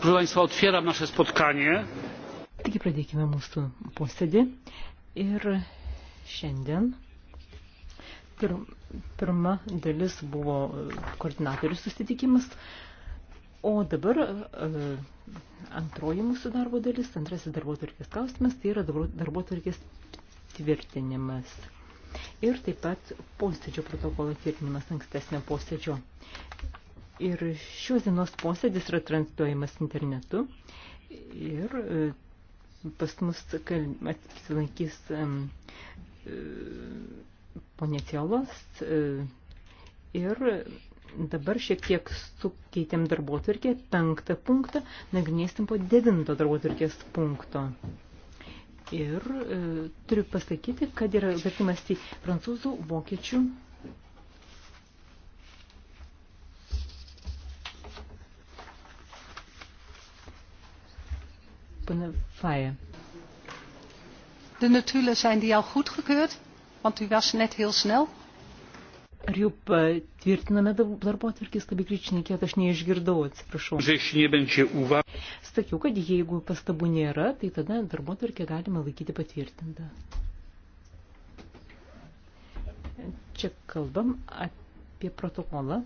Proszę Państwa, otwieram nasze spotkanie. Taigi pradėkime mūsų posėdį. Ir šiandien pir, pirma dalis buvo koordinatorių susitikimas, o dabar e, antroji mūsų darbo dalis, antrasis darbo turkės klausimas, tai yra darbo turkės tvirtinimas. Ir taip pat posėdžio protokolo tvirtinimas ankstesnio posėdžio. Ir šios dienos posėdis yra transliuojamas internetu ir e, pas mus apsilankys e, ponė Cielos e, ir dabar šiek tiek sukeitėm darbotvarkę, penktą punktą, nagrinėsim po devinto darbotvarkės punkto. Ir e, turiu pasakyti, kad yra vertimas į prancūzų, vokiečių, pana Faye. De notulen zijn die al goedgekeurd? Want u was net heel snel. Ar jau patvirtiname darbo atvirkis, kad grįžtinė, kiek aš neišgirdau, atsiprašau. Sakiau, kad jeigu pastabų nėra, tai tada darbo atvirkį galima laikyti patvirtintą. Čia kalbam apie protokolą.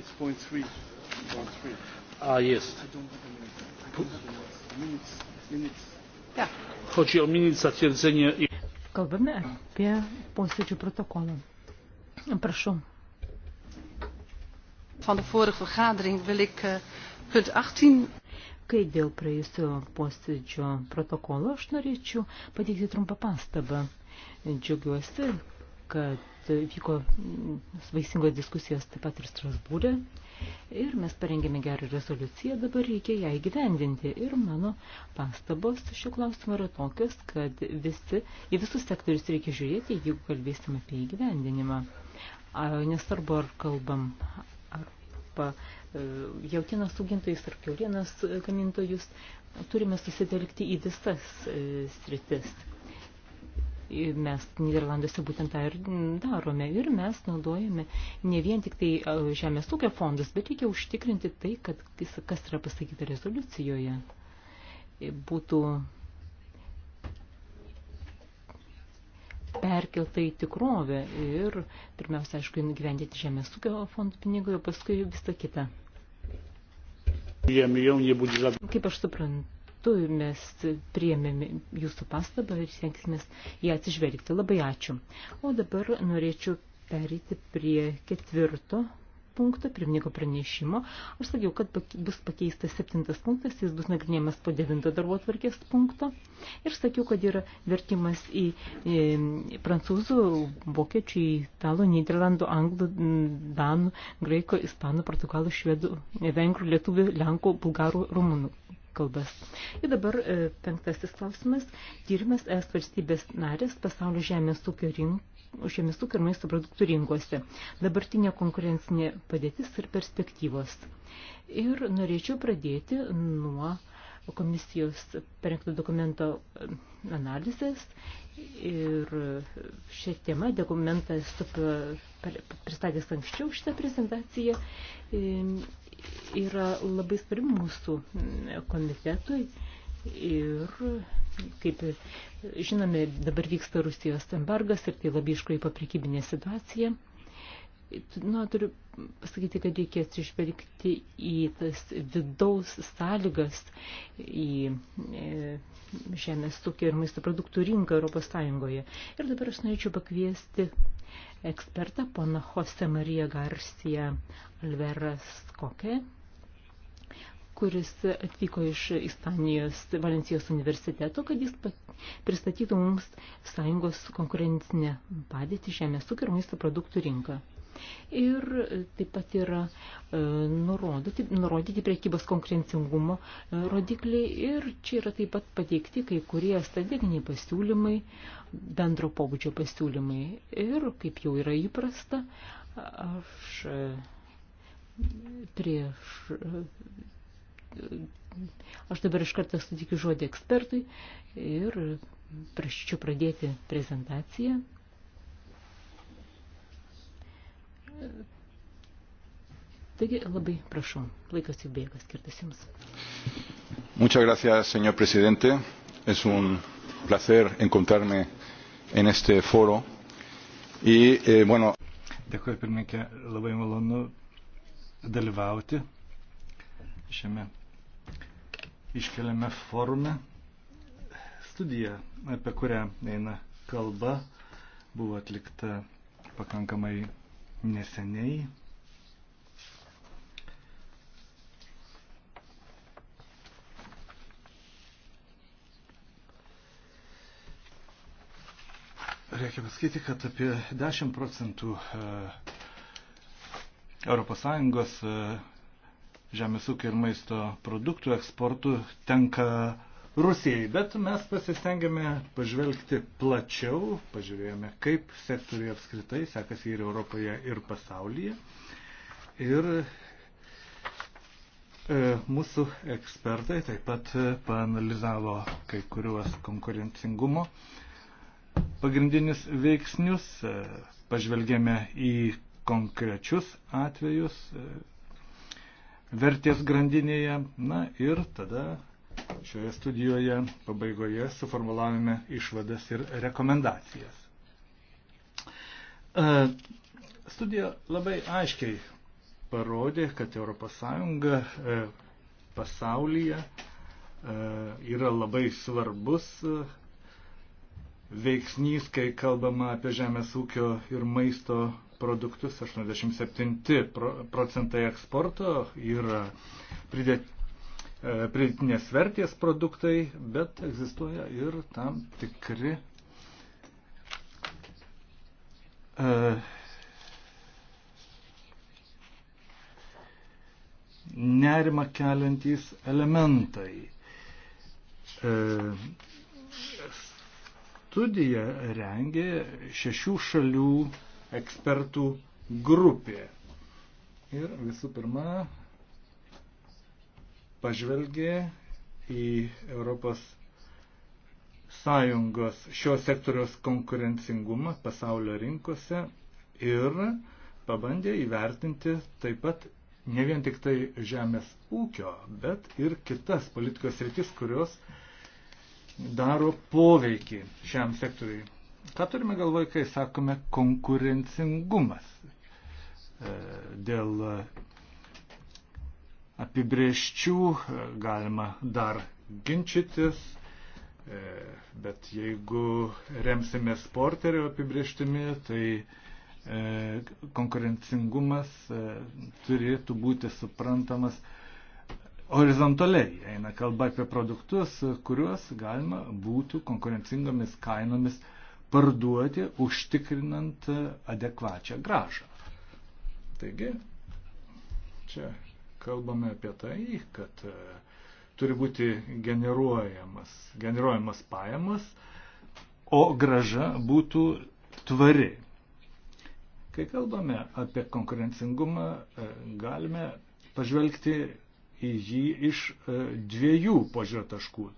It's point three. Point three a jest. Chodzi o minut zatwierdzenie. Kalbame apie posėdžių protokolą. Prašau. Van de vorige vergadering wil ik uh, punt 18. Kai dėl praėjusio posėdžio protokolo aš norėčiau pateikti trumpą pastabą. Džiaugiuosi, kad vyko vaisingos diskusijos taip pat ir Strasbūrė. E Ir mes parengėme gerą rezoliuciją, dabar reikia ją įgyvendinti. Ir mano pastabos šiuo klausimu yra tokios, kad visi, į visus sektorius reikia žiūrėti, jeigu kalbėsim apie įgyvendinimą. Nesvarbu, ar kalbam arba e, jautienos augintojus ar kiaulienos gamintojus, turime susitelkti į visas e, sritis. E, mes Niderlanduose būtent tą ir darome. Ir mes naudojame ne vien tik tai e, žemės ūkio fondus, bet reikia užtikrinti tai, kad kas yra pasakyta rezoliucijoje. E, būtų perkelta į tikrovę ir pirmiausia, aišku, gyvendyti žemės ūkio fondų pinigų, o paskui visą kitą. Kaip aš suprantu, metu mes priėmėme jūsų pastabą ir stengsimės ją atsižvelgti. Labai ačiū. O dabar norėčiau perėti prie ketvirto punkto, pirmininko pranešimo. Aš sakiau, kad bus pakeistas septintas punktas, jis bus nagrinėjamas po devinto darbo tvarkės punkto. Ir sakiau, kad yra vertimas į, į prancūzų, vokiečių, italų, nyderlandų, anglų, danų, graiko, ispanų, portugalų, švedų, vengrų, lietuvių, lenkų, bulgarų, rumunų kalbas. Ir dabar e, penktasis klausimas. Tyrimas es valstybės narės pasaulio žemės ūkio rinkų žemės ūkio ir maisto produktų rinkose, dabartinė konkurencinė padėtis ir perspektyvos. Ir norėčiau pradėti nuo komisijos parengto dokumento e, analizės ir šią temą dokumentas e, pristatęs anksčiau šitą prezentaciją yra labai svarbi mūsų komitetui ir kaip žinome, dabar vyksta Rusijos embargas ir tai labai iškraipo prekybinė situacija. Nu, turiu pasakyti, kad reikia atsižvelgti į tas vidaus sąlygas, į e, žemės tūkį ir maisto produktų rinką Europos Sąjungoje. Ir dabar aš norėčiau pakviesti ekspertą, pana Jose Marija Garcia Alveras Koke, kuris atvyko iš Ispanijos Valencijos universiteto, kad jis pristatytų mums sąjungos konkurencinę padėtį žemės ūkio ir maisto produktų rinką ir taip pat yra e, nurodyti, nurodyti priekybos konkurencingumo e, rodikliai ir čia yra taip pat pateikti kai kurie strateginiai pasiūlymai, bendro pobūdžio pasiūlymai ir kaip jau yra įprasta, aš e, prieš aš dabar iš karto sutikiu žodį ekspertui ir prašyčiau pradėti prezentaciją. Taigi labai prašau, laikas jau bėga, skirtas jums. Muchas gracias, señor presidente. Es un placer encontrarme en este foro. Y, eh, bueno... Dėkuoju, pirmininkė, labai malonu dalyvauti šiame iškeliame forume. Studija, apie kurią eina kalba, buvo atlikta pakankamai neseniai. Reikia pasakyti, kad apie 10 procentų ES e, žemės ūkio ir maisto produktų eksportų tenka Rusijai, bet mes pasistengėme pažvelgti plačiau, pažiūrėjome, kaip sektoriai apskritai sekasi ir Europoje, ir pasaulyje. Ir e, mūsų ekspertai taip pat e, paanalizavo kai kuriuos konkurencingumo pagrindinius veiksnius, e, pažvelgėme į konkrečius atvejus e, vertės grandinėje, na ir tada Šioje studijoje pabaigoje suformulavome išvadas ir rekomendacijas. E, studija labai aiškiai parodė, kad ES e, pasaulyje e, yra labai svarbus veiksnys, kai kalbama apie žemės ūkio ir maisto produktus. 87 procentai eksporto yra pridėti E, pridėtinės vertės produktai, bet egzistuoja ir tam tikri e, nerima keliantys elementai. E, studiją rengė šešių šalių ekspertų grupė. Ir visų pirma, pažvelgė į Europos Sąjungos šio sektoriaus konkurencingumą pasaulio rinkose ir pabandė įvertinti taip pat ne vien tik tai žemės ūkio, bet ir kitas politikos rytis, kurios daro poveikį šiam sektoriui. Ką turime galvoje, kai sakome konkurencingumas? E, dėl apibrieščių, galima dar ginčytis, e, bet jeigu remsimės porterio apibrieštimi, tai e, konkurencingumas e, turėtų būti suprantamas horizontaliai. Eina kalba apie produktus, kuriuos galima būtų konkurencingomis kainomis parduoti, užtikrinant adekvačią gražą. Taigi, čia kalbame apie tai, kad e, turi būti generuojamas, generuojamas pajamas, o graža būtų tvari. Kai kalbame apie konkurencingumą, e, galime pažvelgti į jį iš e, dviejų požiūrio taškų.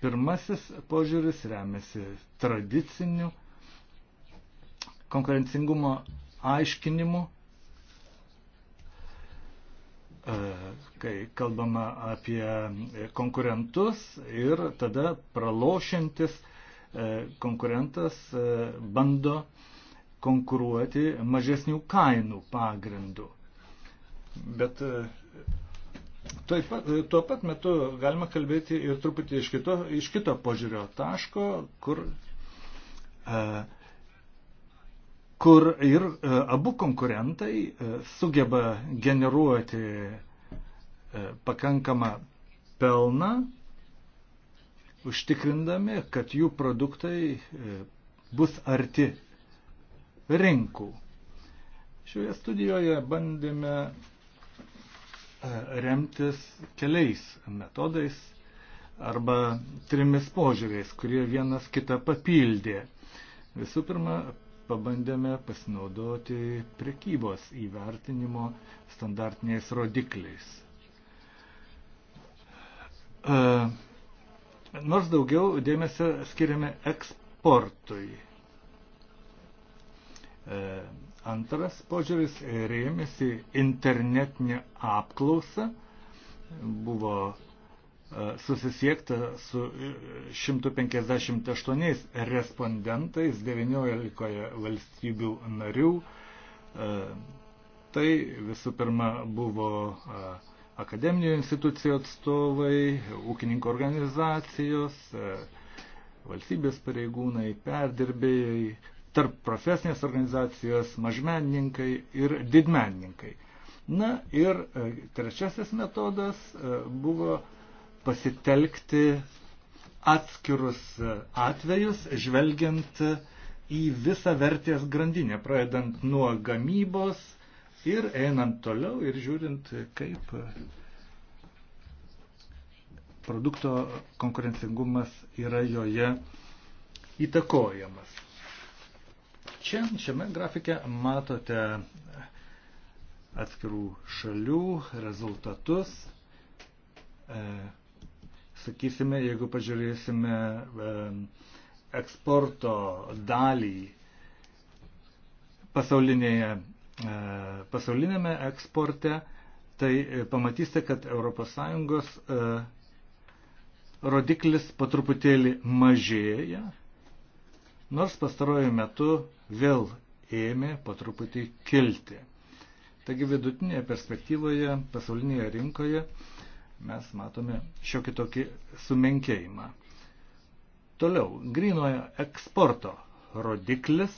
Pirmasis požiūris remiasi tradiciniu konkurencingumo aiškinimu E, kai kalbama apie konkurentus ir tada pralošiantis e, konkurentas e, bando konkuruoti mažesnių kainų pagrindų. Bet Taip pat, tuo pat metu galima kalbėti ir truputį iš kito, iš kito požiūrio taško, kur a, kur ir e, abu konkurentai e, sugeba generuoti e, pakankamą pelną, užtikrindami, kad jų produktai bus arti rinkų. Šioje studijoje bandėme remtis keliais metodais arba trimis požiūriais, kurie vienas kitą papildė. Visų pirma, pabandėme pasinaudoti prekybos įvertinimo standartiniais rodikliais. E, nors daugiau dėmesio skiriame eksportui. E, antras požiūris rėmėsi internetinė apklausa. Buvo E, susisiekta su 158 respondentais 19 valstybių narių. E, tai visų pirma buvo e, akademinių institucijų atstovai, ūkininko organizacijos, valstybės pareigūnai, perdirbėjai, tarp profesinės organizacijos, mažmenininkai ir didmenininkai. Na ir trečiasis metodas buvo pasitelkti atskirus atvejus, žvelgiant į visą vertės grandinę, pradedant nuo gamybos ir einant toliau ir žiūrint, kaip produkto konkurencingumas yra joje įtakojamas. Čia, šiame grafike matote atskirų šalių rezultatus sakysime, jeigu pažiūrėsime eksporto dalį pasaulinėje, e, pasaulinėme eksporte, tai e, pamatysite, kad ES e, rodiklis po truputėlį mažėja, nors pastaruoju metu vėl ėmė po truputį kilti. Taigi vidutinėje perspektyvoje pasaulinėje rinkoje uh, mes matome šiokį tokį sumenkėjimą. Toliau, grinojo eksporto rodiklis.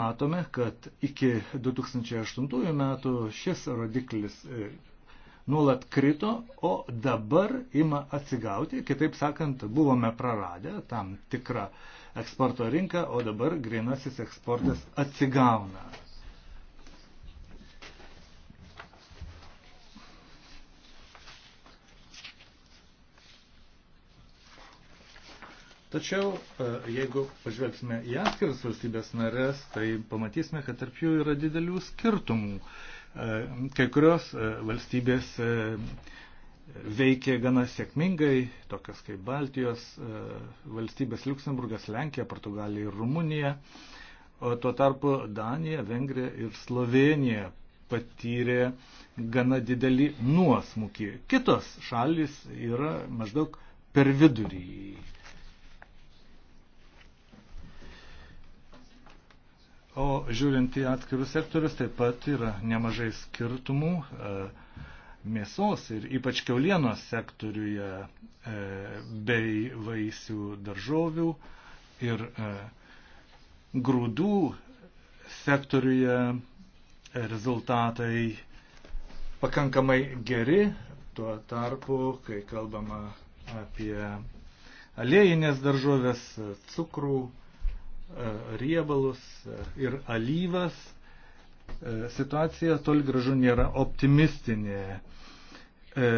Matome, kad iki 2008 metų šis rodiklis e, nuolat krito, o dabar ima atsigauti. Kitaip sakant, buvome praradę tam tikrą eksporto rinką, o dabar grinasis eksportas atsigauna. Tačiau e, jeigu pažvelgsime į atskiras valstybės narės, tai pamatysime, kad tarp jų yra didelių skirtumų. E, kai kurios e, valstybės veikė gana sėkmingai, tokios kaip Baltijos valstybės Luksemburgas, Lenkija, Portugalija ir Rumunija, o tuo tarpu Danija, Vengrija ir Slovenija patyrė gana didelį nuosmukį. Kitos šalis yra maždaug per vidurį O žiūrint į atskirus sektorius, taip pat yra nemažai skirtumų e, mėsos ir ypač keulienos sektoriuje e, bei vaisių daržovių ir e, grūdų sektoriuje rezultatai pakankamai geri, tuo tarpu, kai kalbama apie aliejinės daržovės, cukrų, E, riebalus ir alyvas, e, situacija toli gražu nėra optimistinė. E,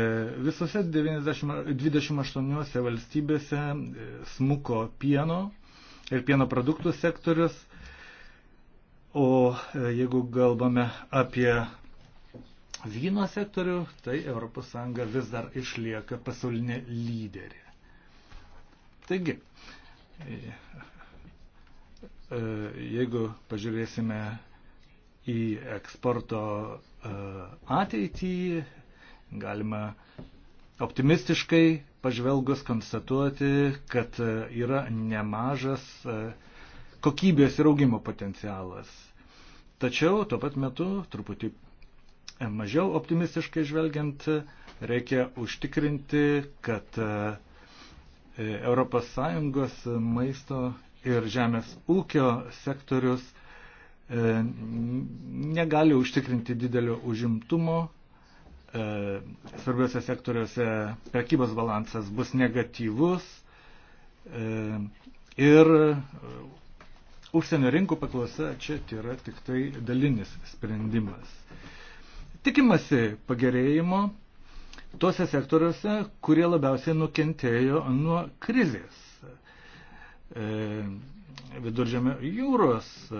visose 90, 28 valstybėse smuko pieno ir pieno produktų sektorius, o jeigu galbame apie vyno sektorių, tai ES vis dar išlieka pasaulinė lyderė. Taigi, E, jeigu pažiūrėsime į eksporto e, ateitį, galima optimistiškai pažvelgus konstatuoti, kad e, yra nemažas kokybės ir augimo potencialas. Tačiau tuo pat metu, truputį mažiau optimistiškai žvelgiant, reikia užtikrinti, kad ES maisto ir žemės ūkio sektorius e, negali užtikrinti didelio užimtumo. E, svarbiuose sektoriuose prekybos balansas bus negatyvus e, ir užsienio rinkų paklausa čia yra tik tai dalinis sprendimas. Tikimasi pagerėjimo tuose sektoriuose, kurie labiausiai nukentėjo nuo krizės E, viduržėmio jūros e,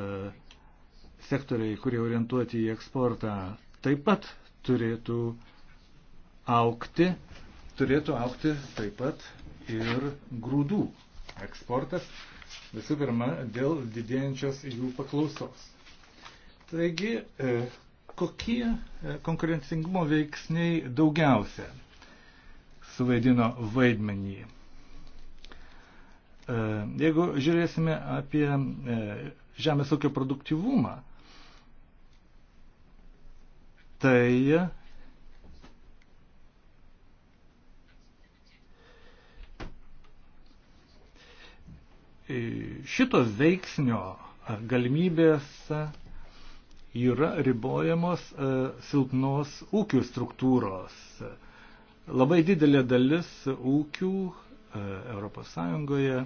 sektoriai, kurie orientuoti į eksportą, taip pat turėtų aukti, turėtų aukti taip pat ir grūdų eksportas, visų pirma, dėl didėjančios jų paklausos. Taigi, e, kokie konkurencingumo veiksniai daugiausia suvaidino vaidmenį? E, jeigu žiūrėsime apie e, žemės ūkio produktyvumą, tai e, šito veiksnio galimybės yra ribojamos silpnos ūkių struktūros. Labai didelė dalis ūkių ES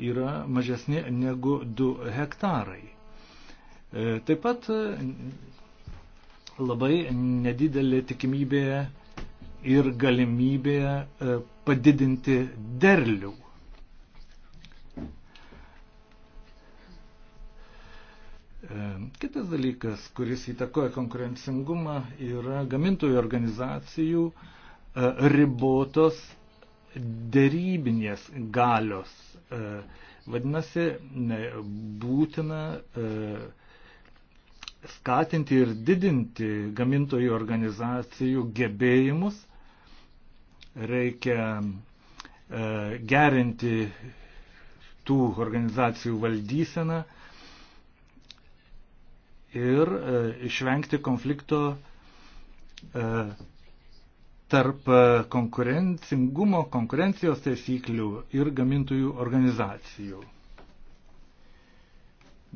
yra mažesni negu 2 hektarai. E, taip pat e, labai nedidelė tikimybė ir galimybė e, padidinti derlių. Kitas dalykas, kuris įtakoja konkurencingumą, yra gamintojų organizacijų ribotos dėrybinės galios. E, vadinasi, būtina e, skatinti ir didinti gamintojų organizacijų gebėjimus, reikia e, gerinti tų organizacijų valdyseną ir išvengti konflikto tarp e, konkurencingumo, konkurencijos taisyklių ir gamintojų organizacijų.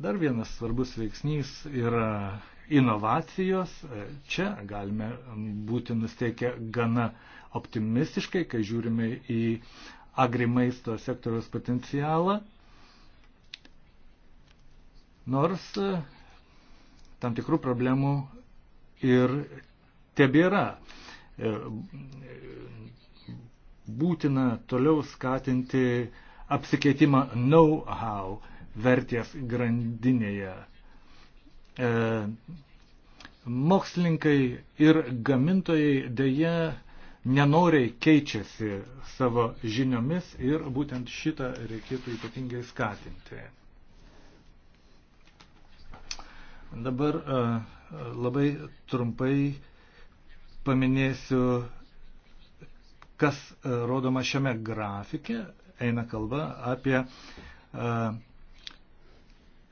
Dar vienas svarbus veiksnys yra inovacijos. E, čia galime būti nusteikę gana optimistiškai, kai žiūrime į agrimaisto sektoriaus potencialą. Nors e, tam tikrų problemų ir tebėra. yra būtina toliau skatinti apsikeitimą know-how vertės grandinėje. E, mokslininkai ir gamintojai dėja nenoriai keičiasi savo žiniomis ir būtent šitą reikėtų ypatingai skatinti. Dabar e, labai trumpai paminėsiu, kas e, rodoma šiame grafike. Eina kalba apie e,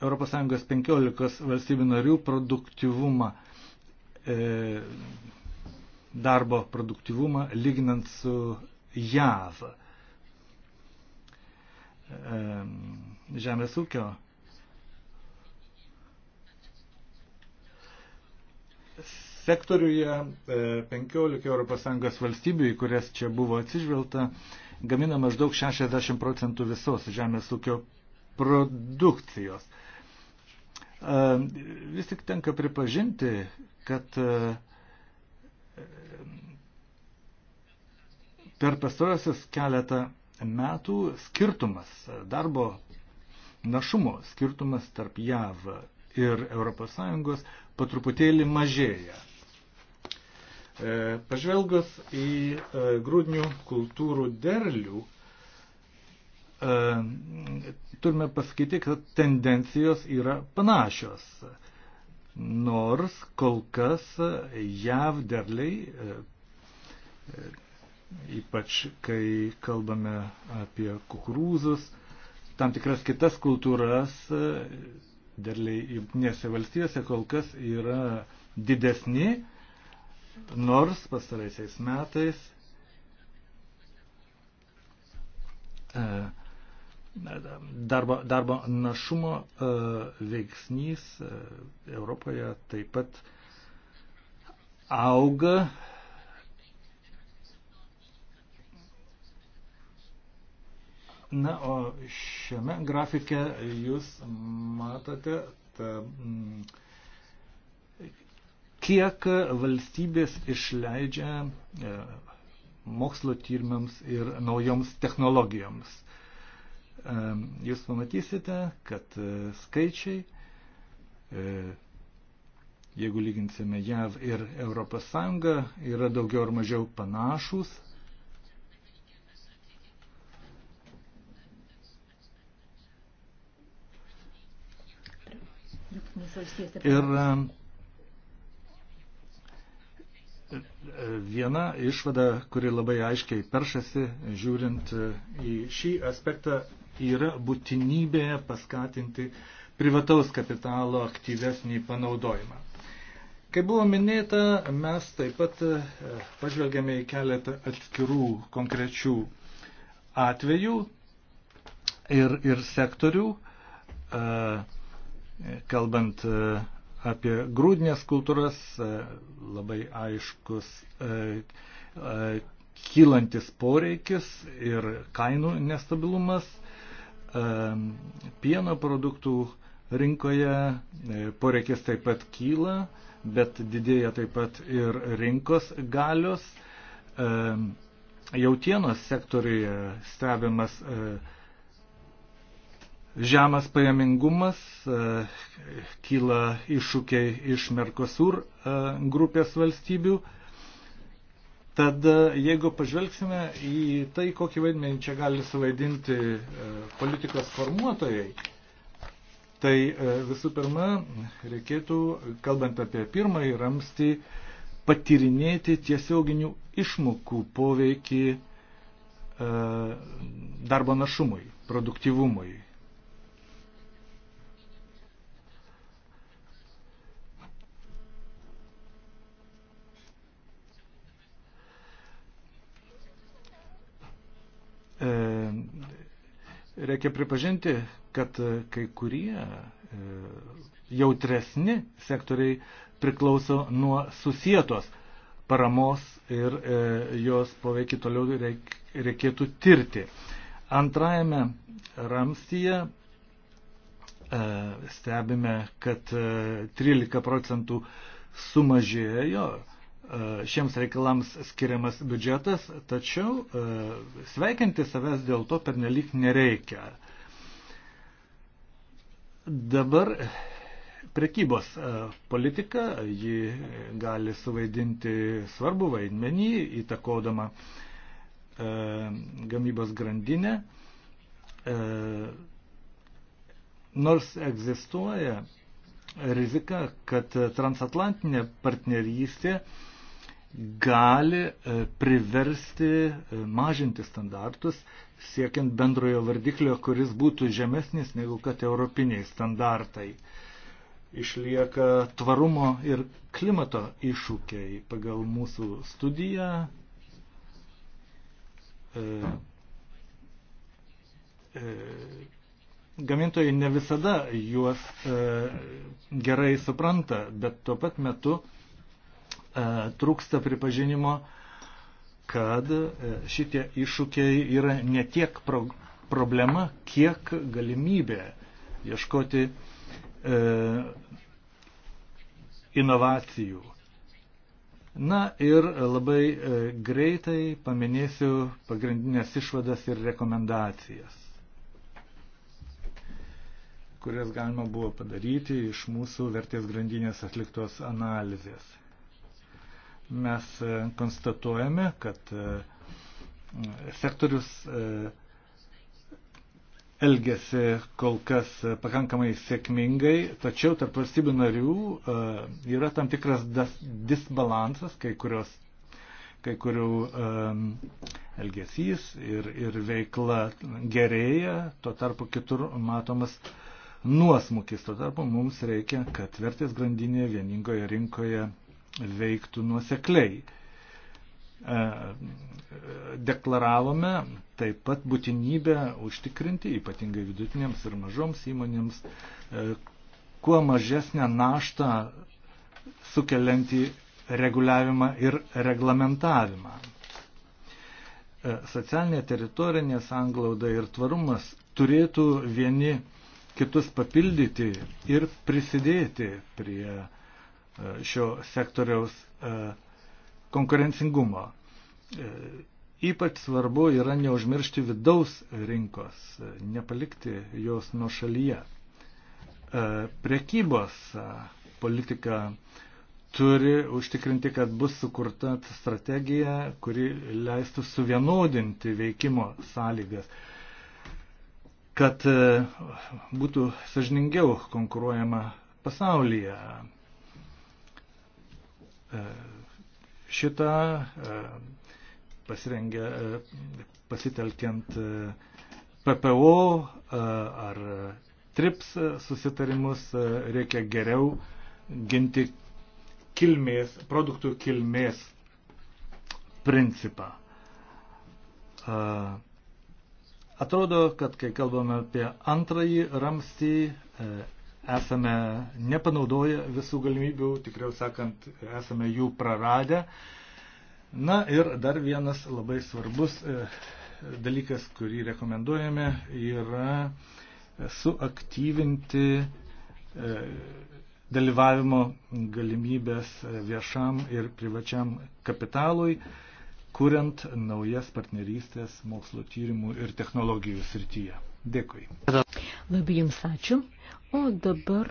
ES 15 valstybių narių produktivumą, e, darbo produktivumą lyginant su JAV. Žemės ūkio sektoriuje 15 e, ES valstybių, į kurias čia buvo atsižvelgta, gamina maždaug 60 procentų visos žemės ūkio produkcijos. E, vis tik tenka pripažinti, kad e, per pastarosius keletą metų skirtumas darbo našumo skirtumas tarp JAV ir ES po truputėlį mažėja. E, pažvelgus į e, grūdinių kultūrų derlių, e, turime pasakyti, kad tendencijos yra panašios. Nors kol kas jav derliai, ypač kai kalbame apie kukurūzus, tam tikras kitas kultūras, derliai jungtinėse valstijose kol kas yra didesni, nors pastaraisiais metais e, darbo, darbo našumo e, veiksnys e, Europoje taip pat auga Na, o šiame grafike jūs matote tą mm, kiek valstybės išleidžia e, mokslo tyrimams ir naujoms technologijoms. E, jūs pamatysite, kad e, skaičiai, jeigu lyginsime JAV ir ES, yra daugiau ar mažiau panašus. Ir Viena išvada, kuri labai aiškiai peršasi, žiūrint e, į šį aspektą, yra būtinybė paskatinti privataus kapitalo aktyvesnį panaudojimą. Kaip buvo minėta, mes taip pat e, pažvelgėme į keletą atskirų konkrečių atvejų ir, ir sektorių, e, kalbant apie grūdinės kultūras, e, labai aiškus e, e, kylantis poreikis ir kainų nestabilumas, pieno produktų rinkoje poreikis taip pat kyla, bet didėja taip pat ir rinkos galios. Jautienos sektoriuje stebimas žemas pajamingumas, e, kyla iššūkiai iš Merkosur e, grupės valstybių. Tad e, jeigu pažvelgsime į tai, kokį vaidmenį čia gali suvaidinti politikos formuotojai, tai visų pirma reikėtų, kalbant apie pirmąjį ramstį, patirinėti tiesioginių išmokų poveikį darbo našumui, produktivumui, E, reikia pripažinti, kad kai kurie e, jautresni sektoriai priklauso nuo susietos paramos ir e, jos poveikį toliau reikėtų tirti. Antrajame ramstyje stebime, kad 13 procentų sumažėjo E, šiems reikalams skiriamas biudžetas, tačiau e, sveikinti savęs dėl to pernelyg nereikia. Dabar prekybos e, politika, ji gali suvaidinti svarbu vaidmenį, įtakodama gamybos grandinę. Nors egzistuoja rizika, kad transatlantinė partnerystė uh, gali e, priversti e, mažinti standartus, siekiant bendrojo vardiklio, kuris būtų žemesnis negu kad europiniai standartai. Išlieka tvarumo ir klimato iššūkiai pagal mūsų studiją. E, e, gamintojai ne visada juos e, gerai supranta, bet tuo pat metu e, E, trūksta pripažinimo, kad e, šitie iššūkiai yra ne tiek pro, problema, kiek galimybė ieškoti e, inovacijų. Na ir labai e, greitai paminėsiu pagrindinės išvadas ir rekomendacijas, kurias galima buvo padaryti iš mūsų vertės grandinės atliktos analizės mes e, konstatuojame, kad e, sektorius e, elgesi kol kas pakankamai sėkmingai, tačiau tarp valstybių narių yra tam tikras disbalansas, kai, kurios, kai kurių elgesys ir, ir veikla gerėja, tuo tarpu kitur matomas nuosmukis, tuo tarpu mums reikia, kad vertės grandinė vieningoje rinkoje veiktų nuosekliai. E, deklaravome taip pat būtinybę užtikrinti, ypatingai vidutinėms ir mažoms įmonėms, e, kuo mažesnę naštą sukeliantį reguliavimą ir reglamentavimą. E, socialinė teritorinė sanglauda ir tvarumas turėtų vieni kitus papildyti ir prisidėti prie uh, šio sektoriaus e, konkurencingumo. E, ypač svarbu yra neužmiršti vidaus rinkos, e, nepalikti jos nuo šalyje. Prekybos politika turi užtikrinti, kad bus sukurta strategija, kuri leistų suvienodinti veikimo sąlygas, kad būtų sažningiau konkuruojama pasaulyje. E, šitą e, pasirengę e, pasitelkiant PPO ar TRIPS susitarimus reikia geriau ginti kilmės, produktų kilmės principą. Atrodo, kad kai kalbame apie antrąjį ramstį, esame nepanaudoję visų galimybių, tikriau sakant, esame jų praradę. Na ir dar vienas labai svarbus e, dalykas, kurį rekomenduojame, yra suaktyvinti e, dalyvavimo galimybės viešam ir privačiam kapitalui, kuriant naujas partnerystės mokslo tyrimų ir technologijų srityje. Dėkui. Labai jums ačiū. O dabar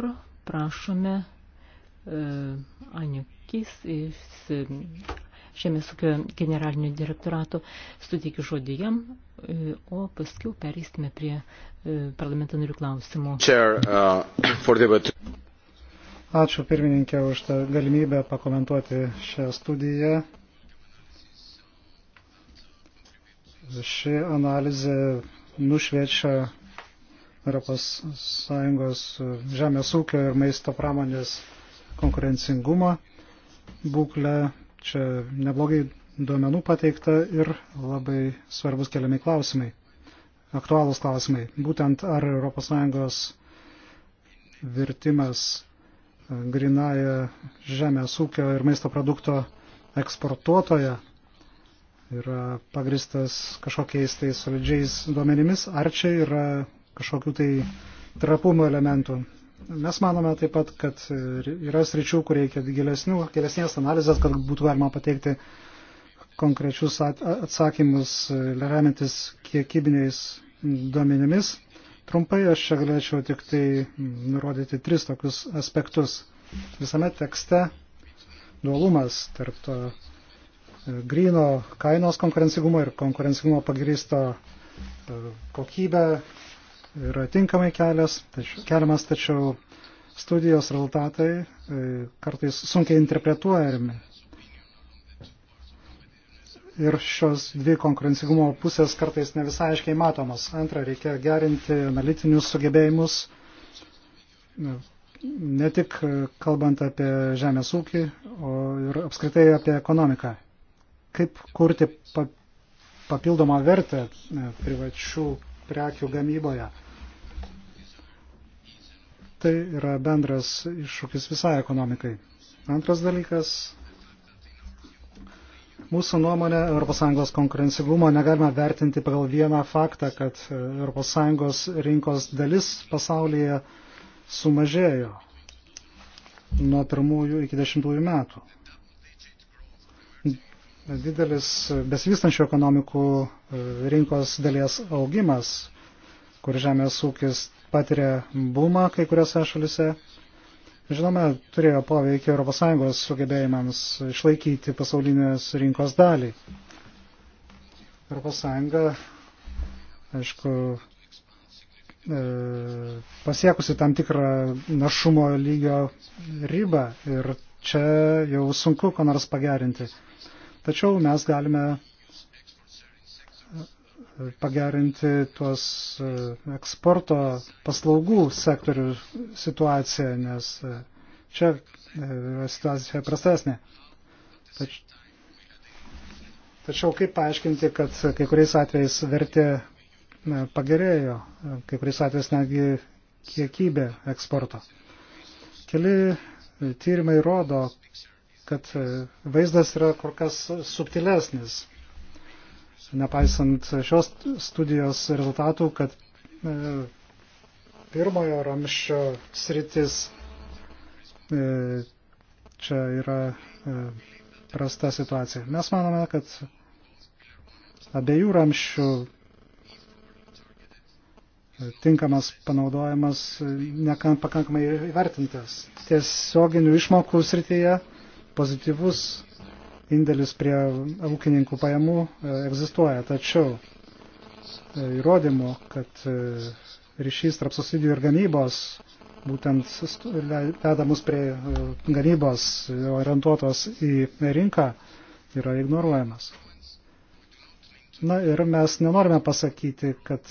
prašome uh, Aniukis iš e, Žemės ūkio generalinio direktorato suteikiu žodį jam, e, o paskui perėsime prie parlamento narių klausimų. Chair, uh, Ačiū pirmininkė už tą galimybę pakomentuoti šią studiją. Ši analizė nušviečia ES žemės ūkio ir maisto pramonės konkurencingumo būklę. Čia neblogai duomenų pateikta ir labai svarbus keliami klausimai, aktualūs klausimai. Būtent ar ES virtimas e, grinaja žemės ūkio ir maisto produkto eksportuotoje yra pagristas kažkokiais tai solidžiais duomenimis, ar čia yra kažkokių tai trapumo elementų. Mes manome taip pat, kad yra sričių, kur reikia gilesnių, gilesnės analizės, kad būtų galima pateikti konkrečius atsakymus, remiantis kiekybiniais duomenimis. Trumpai aš čia galėčiau tik tai nurodyti tris tokius aspektus. Visame tekste dualumas tarp to grino kainos konkurencingumo ir konkurencingumo pagristo e, kokybę yra tinkamai kelias, tač, keliamas, tačiau studijos rezultatai e, kartais sunkiai interpretuojami. Ir šios dvi konkurencingumo pusės kartais ne visai aiškiai matomos. Antra, reikia gerinti analitinius sugebėjimus, e, ne tik kalbant apie žemės ūkį, o ir apskritai apie ekonomiką kaip kurti papildomą vertę e, privačių prekių gamyboje. Tai yra bendras iššūkis visai ekonomikai. Antras dalykas. Mūsų nuomonė ES konkurencingumo negalima vertinti pagal vieną faktą, kad ES rinkos dalis pasaulyje sumažėjo nuo pirmųjų iki dešimtųjų metų didelis besivystančių ekonomikų e, rinkos dalies augimas, kur žemės ūkis patiria bumą kai kuriuose šalise. Žinoma, turėjo poveikį ES sugebėjimams išlaikyti pasaulinės rinkos dalį. ES, aišku, e, pasiekusi tam tikrą našumo lygio ribą ir čia jau sunku ko nors pagerinti. Tačiau mes galime e, pagerinti tuos e, eksporto paslaugų sektorių situaciją, nes e, čia situacija prastesnė. Tač... Tačiau kaip paaiškinti, kad kai kuriais atvejais vertė pagerėjo, kai kuriais atvejais netgi kiekybė eksporto. Keli tyrimai rodo, kad e, vaizdas yra kur kas subtilesnis. Nepaisant šios studijos rezultatų, kad e, pirmojo ramščio sritis e, čia yra prasta situacija. Mes manome, kad abiejų ramščių tinkamas panaudojimas nepakankamai įvertintas. Tiesioginių išmokų srityje pozityvus indėlis prie ūkininkų pajamų e, egzistuoja, tačiau e, įrodymų, kad e, ryšys tarp subsidijų ir gamybos būtent veda mus prie gamybos orientuotos į rinką yra ignoruojamas. Na ir mes nenorime pasakyti, kad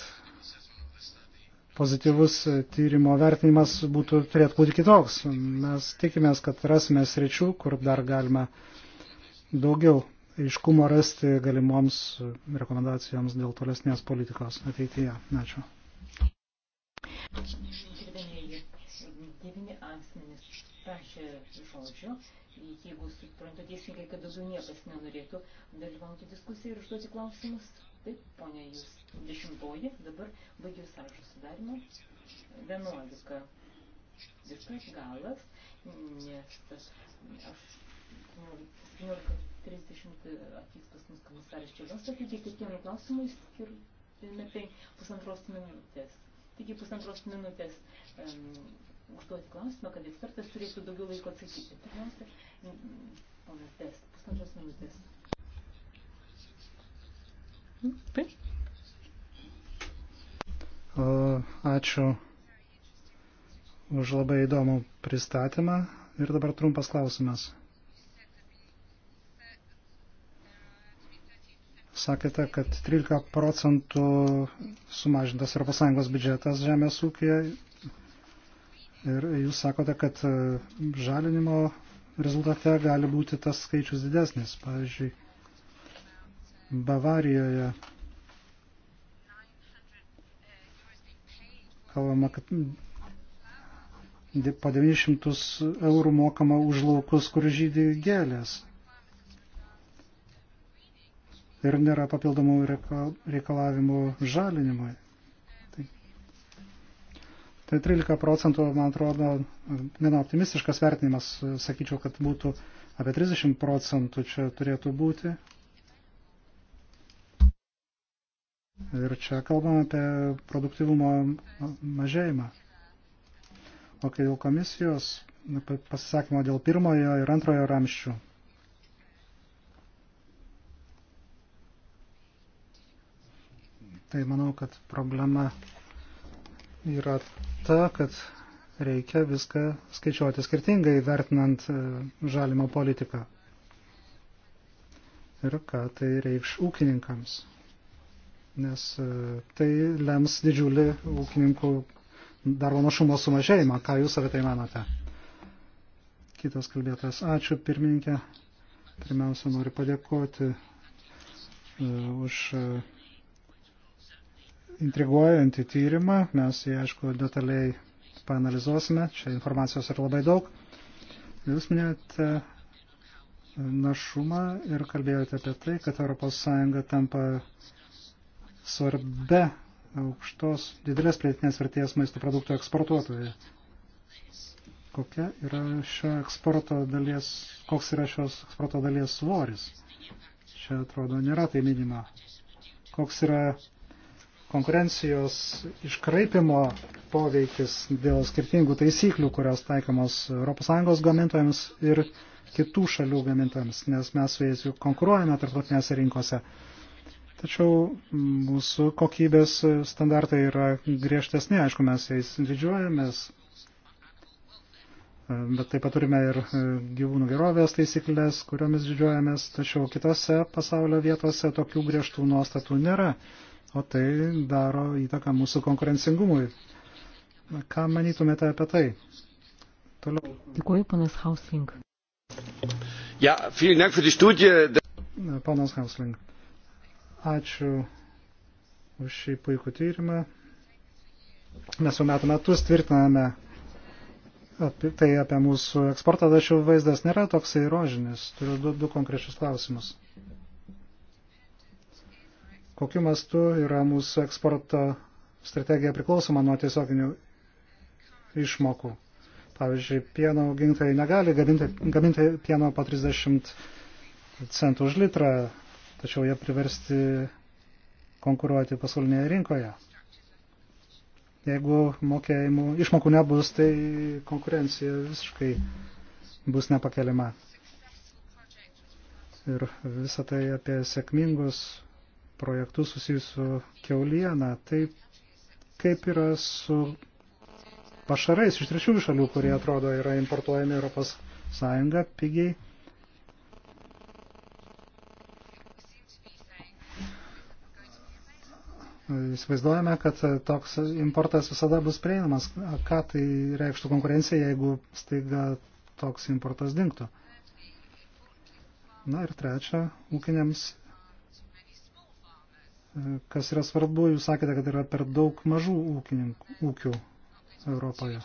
pozityvus e, tyrimo vertinimas būtų, turėtų būti kitoks. Mes tikimės, kad rasime sričių, kur dar galima daugiau aiškumo rasti galimoms rekomendacijoms dėl tolesnės politikos ateityje. Ačiū. Gerbėmėji, devyni asmenys prašė žodžio, jeigu suprantu teisingai, kad daugiau niekas nenorėtų dalyvauti diskusiją ir užduoti klausimus. Taip, ponia, jūs dešimtoji, dabar baigiu sąrašo sudarimą. Vienuolika. Viskas galas, nes aš 17.30 atvyks pas mus komisaras Čiagas, taigi kiekvienų klausimų skirtume tai pusantros minutės. Taigi pusantros minutės um, užduoti klausimą, kad ekspertas turėtų daugiau laiko atsakyti. Pirmiausia, ponas Test, pusantros minutės. Ačiū už labai įdomų pristatymą ir dabar trumpas klausimas. Sakėte, kad 13 procentų sumažintas ES biudžetas žemės ūkija ir jūs sakote, kad e, žalinimo rezultate gali būti tas skaičius didesnis. Pavyzdžiui, Bavarijoje kalbama, kad po 900 eurų mokama už laukus, kur žydė gėlės. Ir nėra papildomų reikalavimų žalinimui. Tai, tai 13 procentų, man atrodo, gana optimistiškas vertinimas. Sakyčiau, kad būtų apie 30 procentų čia turėtų būti. Ir čia kalbam apie produktivumo mažėjimą. O kai dėl komisijos pasisakymo dėl pirmojo ir antrojo ramščių. Tai manau, kad problema yra ta, kad reikia viską skaičiuoti skirtingai, vertinant e, žalimo politiką. Ir ką tai reikš ūkininkams nes e, tai lems didžiulį ūkininkų darbo našumo sumažėjimą. Ką Jūs apie tai manote? Kitas kalbėtas. Ačiū pirmininkė. Pirmiausia, noriu padėkoti e, už e, intriguojantį tyrimą. Mes jį, aišku, detaliai panalizuosime. Čia informacijos yra labai daug. Jūs minėjote našumą ir kalbėjote apie tai, kad ES tampa svarbia aukštos, didelės pridėtinės vertės maisto produktų eksportuotoje. Kokia yra šio eksporto dalies, koks yra šios eksporto dalies svoris? Čia atrodo nėra tai minima. Koks yra konkurencijos iškraipimo poveikis dėl skirtingų taisyklių, kurios taikomos ES gamintojams ir kitų šalių gamintojams, nes mes su jais konkuruojame tarptautinėse rinkose. Tačiau mūsų kokybės standartai yra griežtesni, aišku, mes jais didžiuojamės, bet taip pat turime ir gyvūnų gerovės taisyklės, kuriomis didžiuojamės, tačiau kitose pasaulio vietose tokių griežtų nuostatų nėra, o tai daro įtaką mūsų konkurencingumui. Ką manytumėte apie tai? Toliau. Dėkuoju, panas Hausling. Ja, vielen Dank für die Studie. Panas Hausling. Ačiū už šį puikų tyrimą. Mes jau metų metus tvirtiname apie, tai apie mūsų eksportą, tačiau vaizdas nėra toksai rožinis. Turiu du, du konkrečius klausimus. Kokiu mastu yra mūsų eksporto strategija priklausoma nuo tiesioginių išmokų? Pavyzdžiui, pieno augintojai negali gaminti, gaminti pieno po 30 centų už litrą tačiau jie priversti konkuruoti pasaulinėje rinkoje. Jeigu mokėjimų išmokų nebus, tai konkurencija visiškai bus nepakeliama. Ir visą tai apie sėkmingus projektus susijusiu keulieną. Tai kaip yra su pašarais iš trečiųjų šalių, kurie atrodo yra importuojami Europos Sąjunga pigiai Įsivaizduojame, kad toks importas visada bus prieinamas. Ką tai reikštų konkurencija, jeigu staiga toks importas dinktų? Na ir trečia, ūkiniams, kas yra svarbu, jūs sakėte, kad yra per daug mažų ūkininkų, ūkių Europoje.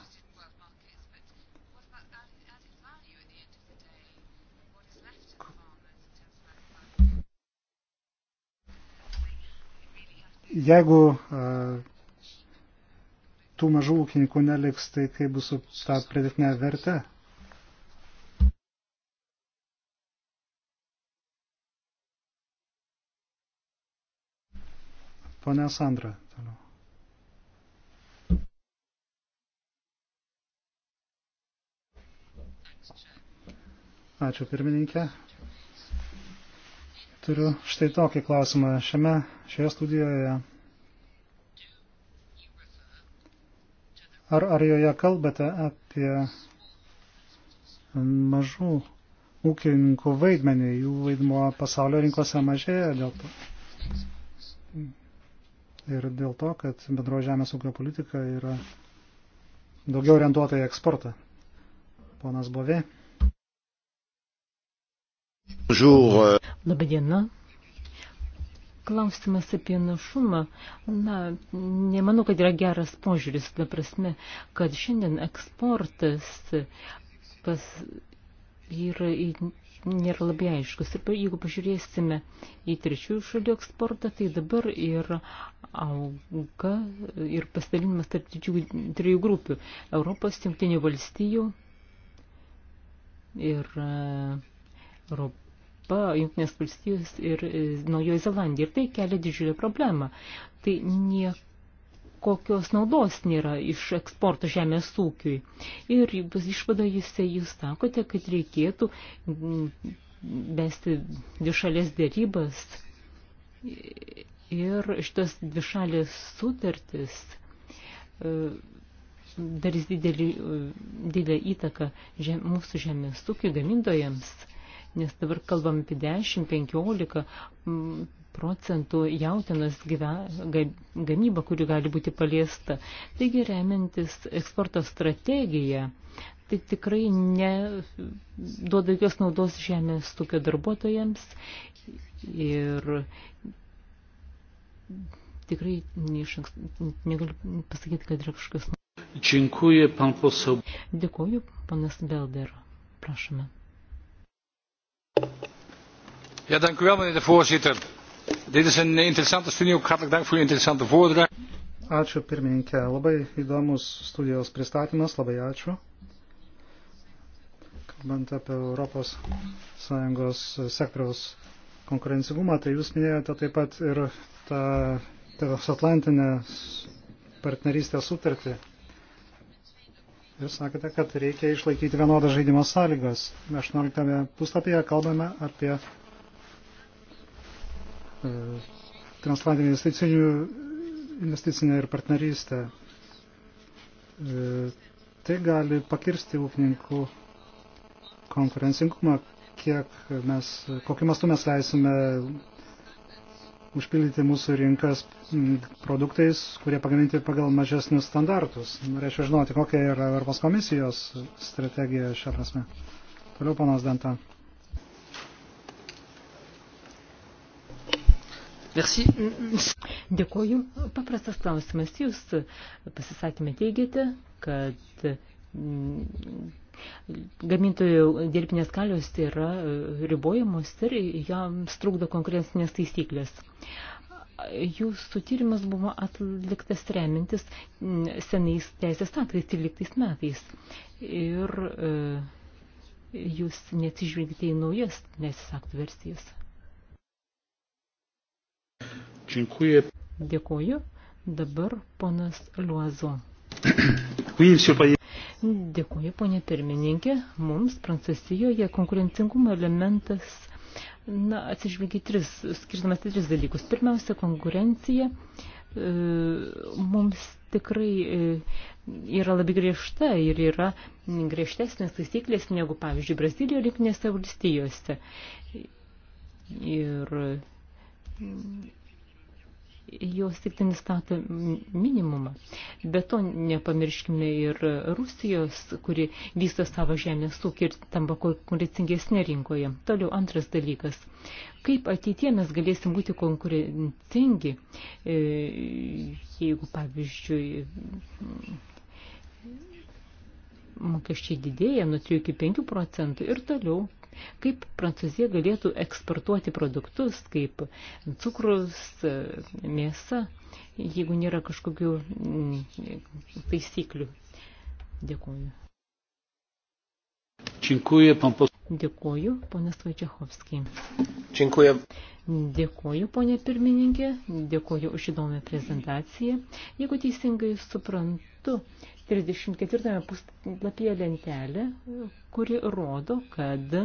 jeigu tų mažų ūkininkų neliks, tai kaip bus su tą pridėtinę vertę? Pone Sandra, toliau. Ačiū pirmininkė. Turiu štai tokį klausimą šiame, šioje studijoje. Ar, ar joje kalbate apie mažų ūkininkų vaidmenį, jų vaidmuo pasaulio rinkose mažėja dėl to. Ir dėl to, kad bendro žemės ūkio politika yra daugiau orientuota į eksportą. Ponas Bovė. Bonjour. Euh, Labadiena. Klausimas apie našumą, na, nemanau, kad yra geras požiūris, ta prasme, kad šiandien eksportas pas yra, nėra labai aiškus. Ir jeigu pažiūrėsime į trečiųjų šalių eksportą, tai dabar yra auga ir pasidalinimas tarp trijų grupių – Europos, Junktinių valstijų ir e, Europos Europa, Junktinės valstijos ir e, Naujoji Zelandija. Ir tai kelia didžiulę problemą. Tai niekokios naudos nėra iš eksporto žemės ūkiui. Ir išvadojuose jūs sakote, kad reikėtų besti dvišalės dėrybas. Ir šitas dvišalės sutartis e, darys didelį, e, didelį įtaką žem, mūsų žemės ūkių gamintojams nes dabar kalbam apie 10-15 mm, procentų jautinos gamyba, kuri gali būti paliesta. Taigi remiantis eksporto strategiją, tai tikrai neduoda jokios naudos žemės tokio darbuotojams ir tikrai neišanks, negaliu pasakyti, kad yra kažkas. Dziękuję, pan poseł. Dėkuoju, panas Belder. Prašome. Ja, dank u wel, meneer de voorzitter. Dit is een interessante studie. Ook hartelijk dank voor uw interessante voordracht. Ačiū pirmininkė. Labai įdomus studijos pristatymas. Labai ačiū. Kalbant apie Europos Sąjungos sektoriaus konkurencingumą, tai jūs minėjote taip pat ir tą transatlantinę partnerystę sutartį. Ir sakėte, kad reikia išlaikyti vienodas žaidimo sąlygas. 18 puslapyje kalbame apie E, transatlantinį investicinių investicinę ir partnerystę. E, tai gali pakirsti ūkininkų konkurencingumą, kiek mes, kokiu mastu mes leisime užpildyti mūsų rinkas produktais, kurie pagaminti pagal mažesnius standartus. Norėčiau žinoti, kokia yra Europos komisijos strategija šią prasme. Toliau panas Danta. Merci. Dėkoju. Paprastas klausimas. Jūs pasisakymę teigiate, kad mm, gamintojų dirbinės kalios yra ribojamos ir jam trukdo konkurencinės taisyklės. Jūsų tyrimas buvo atliktas remintis mm, senais teisės aktais 13 metais. Ir e, jūs neatsižvelgite į naujas teisės aktų versijas. Dziękuję. Dėkuoju. Dabar ponas Liuazo. Dėkuoju, ponė pirmininkė. Mums Prancūzijoje konkurencingumo elementas na, atsižvelgia tris, skirtumas į tris dalykus. Pirmiausia, konkurencija e, mums tikrai e, yra labai griežta ir yra griežtesnės taisyklės negu, pavyzdžiui, Brazilijoje ir Junktinėse valstijose. Ir jos tik tai nustato minimumą. Be to nepamirškime ir Rusijos, kuri vysto savo žemės ūkį ir tampa konkurencingesnė rinkoje. Toliau antras dalykas. Kaip ateitie mes galėsim būti konkurencingi, e, jeigu pavyzdžiui mokesčiai didėja nuo 3 iki 5 procentų ir toliau Kaip Prancūzija galėtų eksportuoti produktus, kaip cukrus, e, mėsa, jeigu nėra kažkokių mm, taisyklių? Dėkuoju. Dziękuję, pan pos... Dėkuoju, ponas Vaičiachovskiai. Dziękuję. Dėkuoju, ponė pirmininkė, dėkuoju už įdomią prezentaciją. Jeigu teisingai suprantu, 34 puslapyje lentelė, kuri rodo, kad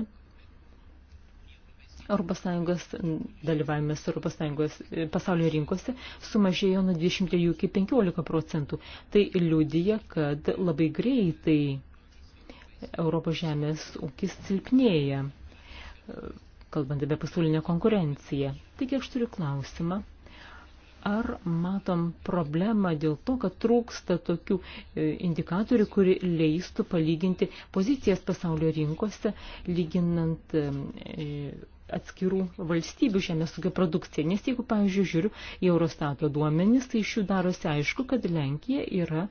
ES dalyvavimas ES e, pasaulio rinkose sumažėjo nuo 23 iki 15 procentų. Tai liudija, kad labai greitai Europos žemės ūkis silpnėja, e, kalbant apie pasaulinę konkurenciją. Taigi aš turiu klausimą. Ar matom problemą dėl to, kad trūksta tokių e, indikatorių, kuri leistų palyginti pozicijas pasaulio rinkose, lyginant atskirų valstybių žemės ūkio produkciją. Nes jeigu, pavyzdžiui, žiūriu į Eurostato duomenis, tai iš jų darosi aišku, kad Lenkija yra,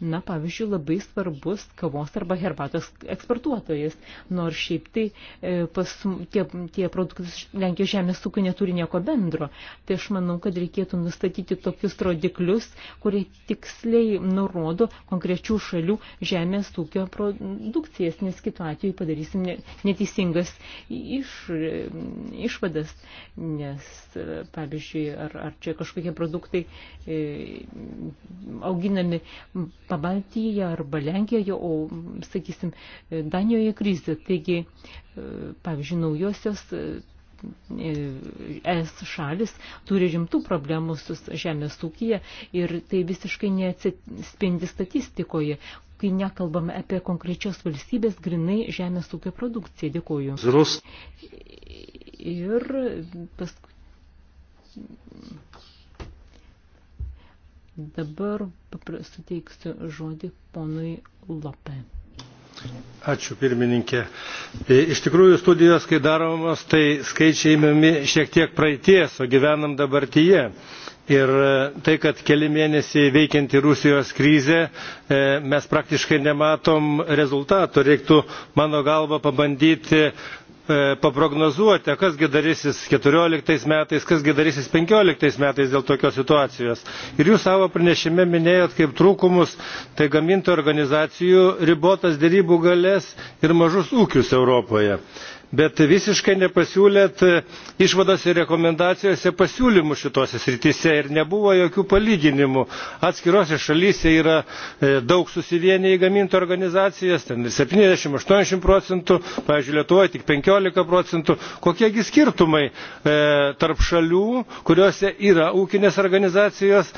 na, pavyzdžiui, labai svarbus kavos arba herbatos eksportuotojas. Nors šiaip tai e, pas, tie, tie produktai Lenkijos žemės ūkio neturi nieko bendro. Tai aš manau, kad reikėtų nustatyti tokius rodiklius, kurie tiksliai nurodo konkrečių šalių žemės ūkio produkcijas, nes kitu atveju padarysim neteisingas iš išvadas, nes, pavyzdžiui, ar, ar čia kažkokie produktai e, auginami Pabaltyje arba Lenkijoje, o, sakysim, Danijoje krizė. Taigi, e, pavyzdžiui, naujosios. E, es šalis turi rimtų problemų su žemės ūkija ir tai visiškai neatsispindi statistikoje, kai nekalbame apie konkrečios valstybės grinai žemės ūkio produkciją. Dėkuoju. Zrus ir paskui. Dabar suteiksiu žodį ponui Lope. Ačiū pirmininkė. E, iš tikrųjų studijos, kai daromos, tai skaičiai įmami šiek tiek praeities, o gyvenam dabartyje. Ir e, tai, kad keli mėnesiai veikianti Rusijos krizė, e, mes praktiškai nematom rezultato. Reiktų, mano galva, pabandyti E, paprognozuoti kas gi darysis keturioliktais metais kas gi darysis penkioliktais metais dėl tokios situacijos ir jūs savo pranešime minėjot kaip trūkumus tai gamintojų organizacijų ribotas derybų galias ir mažus ūkius europoje bet visiškai nepasiūlėt e, išvadose ir rekomendacijose pasiūlymų šitose srityse ir nebuvo jokių palyginimų. Atskirose šalyse yra e, daug susivieniję į gamintojų organizacijas, ten 70-80 procentų, pavyzdžiui, Lietuvoje tik 15 procentų. Kokiegi skirtumai e, tarp šalių, kuriuose yra ūkinės organizacijos,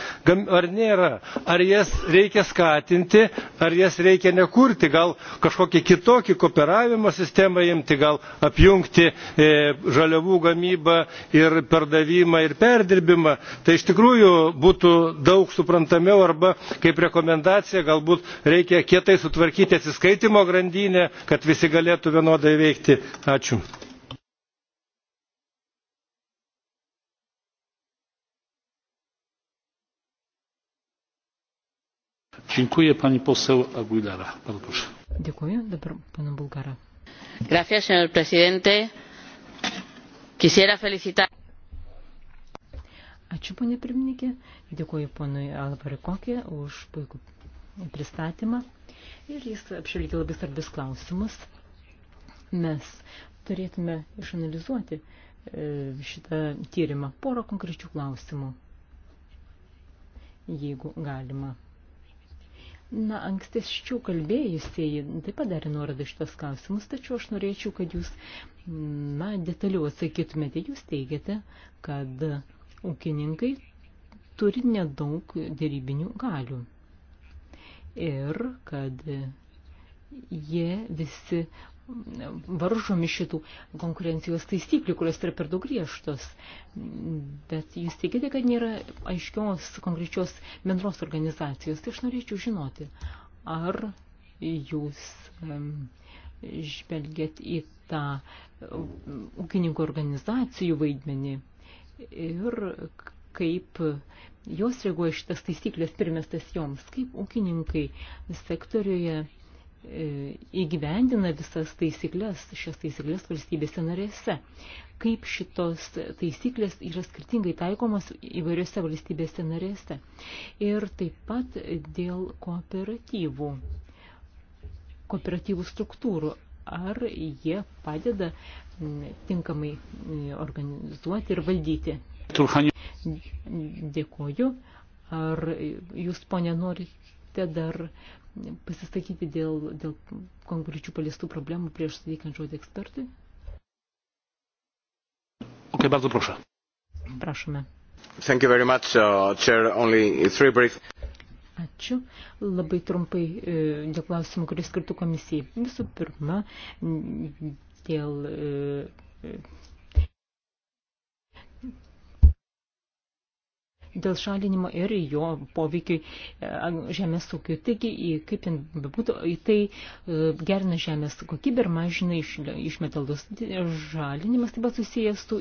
ar nėra? Ar jas reikia skatinti, ar jas reikia nekurti? Gal kažkokį kitokį kooperavimo sistemą imti, gal apjungti e, žaliavų gamybą ir pardavimą ir perdirbimą tai iš tikrųjų būtų daug suprantamiau arba kaip rekomendacija galbūt reikia kietai sutvarkyti atsiskaitymo grandinę kad visi galėtų vienodai veikti. ačiū. Dziękuję pani poseł Aguilera. Bardzo proszę. Dziękuję. Dobra, pana Bułgara. Gracias, señor presidente. Quisiera felicitar. Ačiū, ponė pirmininkė. Dėkuoju ponui Alvarui Kokė už puikų pristatymą. Ir jis apšvilgė labai svarbius klausimus. Mes turėtume išanalizuoti e, šitą tyrimą. Porą konkrečių klausimų, jeigu galima. Na, ankstesčių kalbėjusieji taip pat darė nuorodą šitos klausimus, tačiau aš norėčiau, kad jūs, na, detaliau atsakytumėte. Jūs teigiate, kad ūkininkai turi nedaug dėrybinių galių ir kad jie visi varžomi šitų konkurencijos taisyklių, kurios yra per daug griežtos. Bet jūs tikite, kad nėra aiškios konkrečios bendros organizacijos. Tai aš norėčiau žinoti, ar jūs žvelgėt į tą ūkininkų organizacijų vaidmenį ir kaip jos reaguoja šitas taisyklės primestas joms, kaip ūkininkai sektoriuje E, įgyvendina visas taisyklės, šias taisyklės valstybėse narėse. Kaip šitos taisyklės yra skirtingai taikomos įvairiose valstybėse narėse. Ir taip pat dėl kooperatyvų, kooperatyvų struktūrų. Ar jie padeda tinkamai organizuoti ir valdyti? Dėkoju. Ar jūs, ponė, norite dar pasisakyti dėl, dėl konkrečių paliestų problemų prieš suteikiant žodį ekspertui? Okay, bardzo proszę. Prašome. Thank you very much, uh, Chair. Only three brief. Ačiū. Labai trumpai e, dėl klausimų, kuris skirtų komisijai. Visų pirma, dėl e, dėl šalinimo ir jo poveikiai e, žemės ūkiui. Taigi, kaip ten bebūtų, į tai e, gerina žemės kokybę ir mažina išmetalus. Žalinimas taip pat susijęs su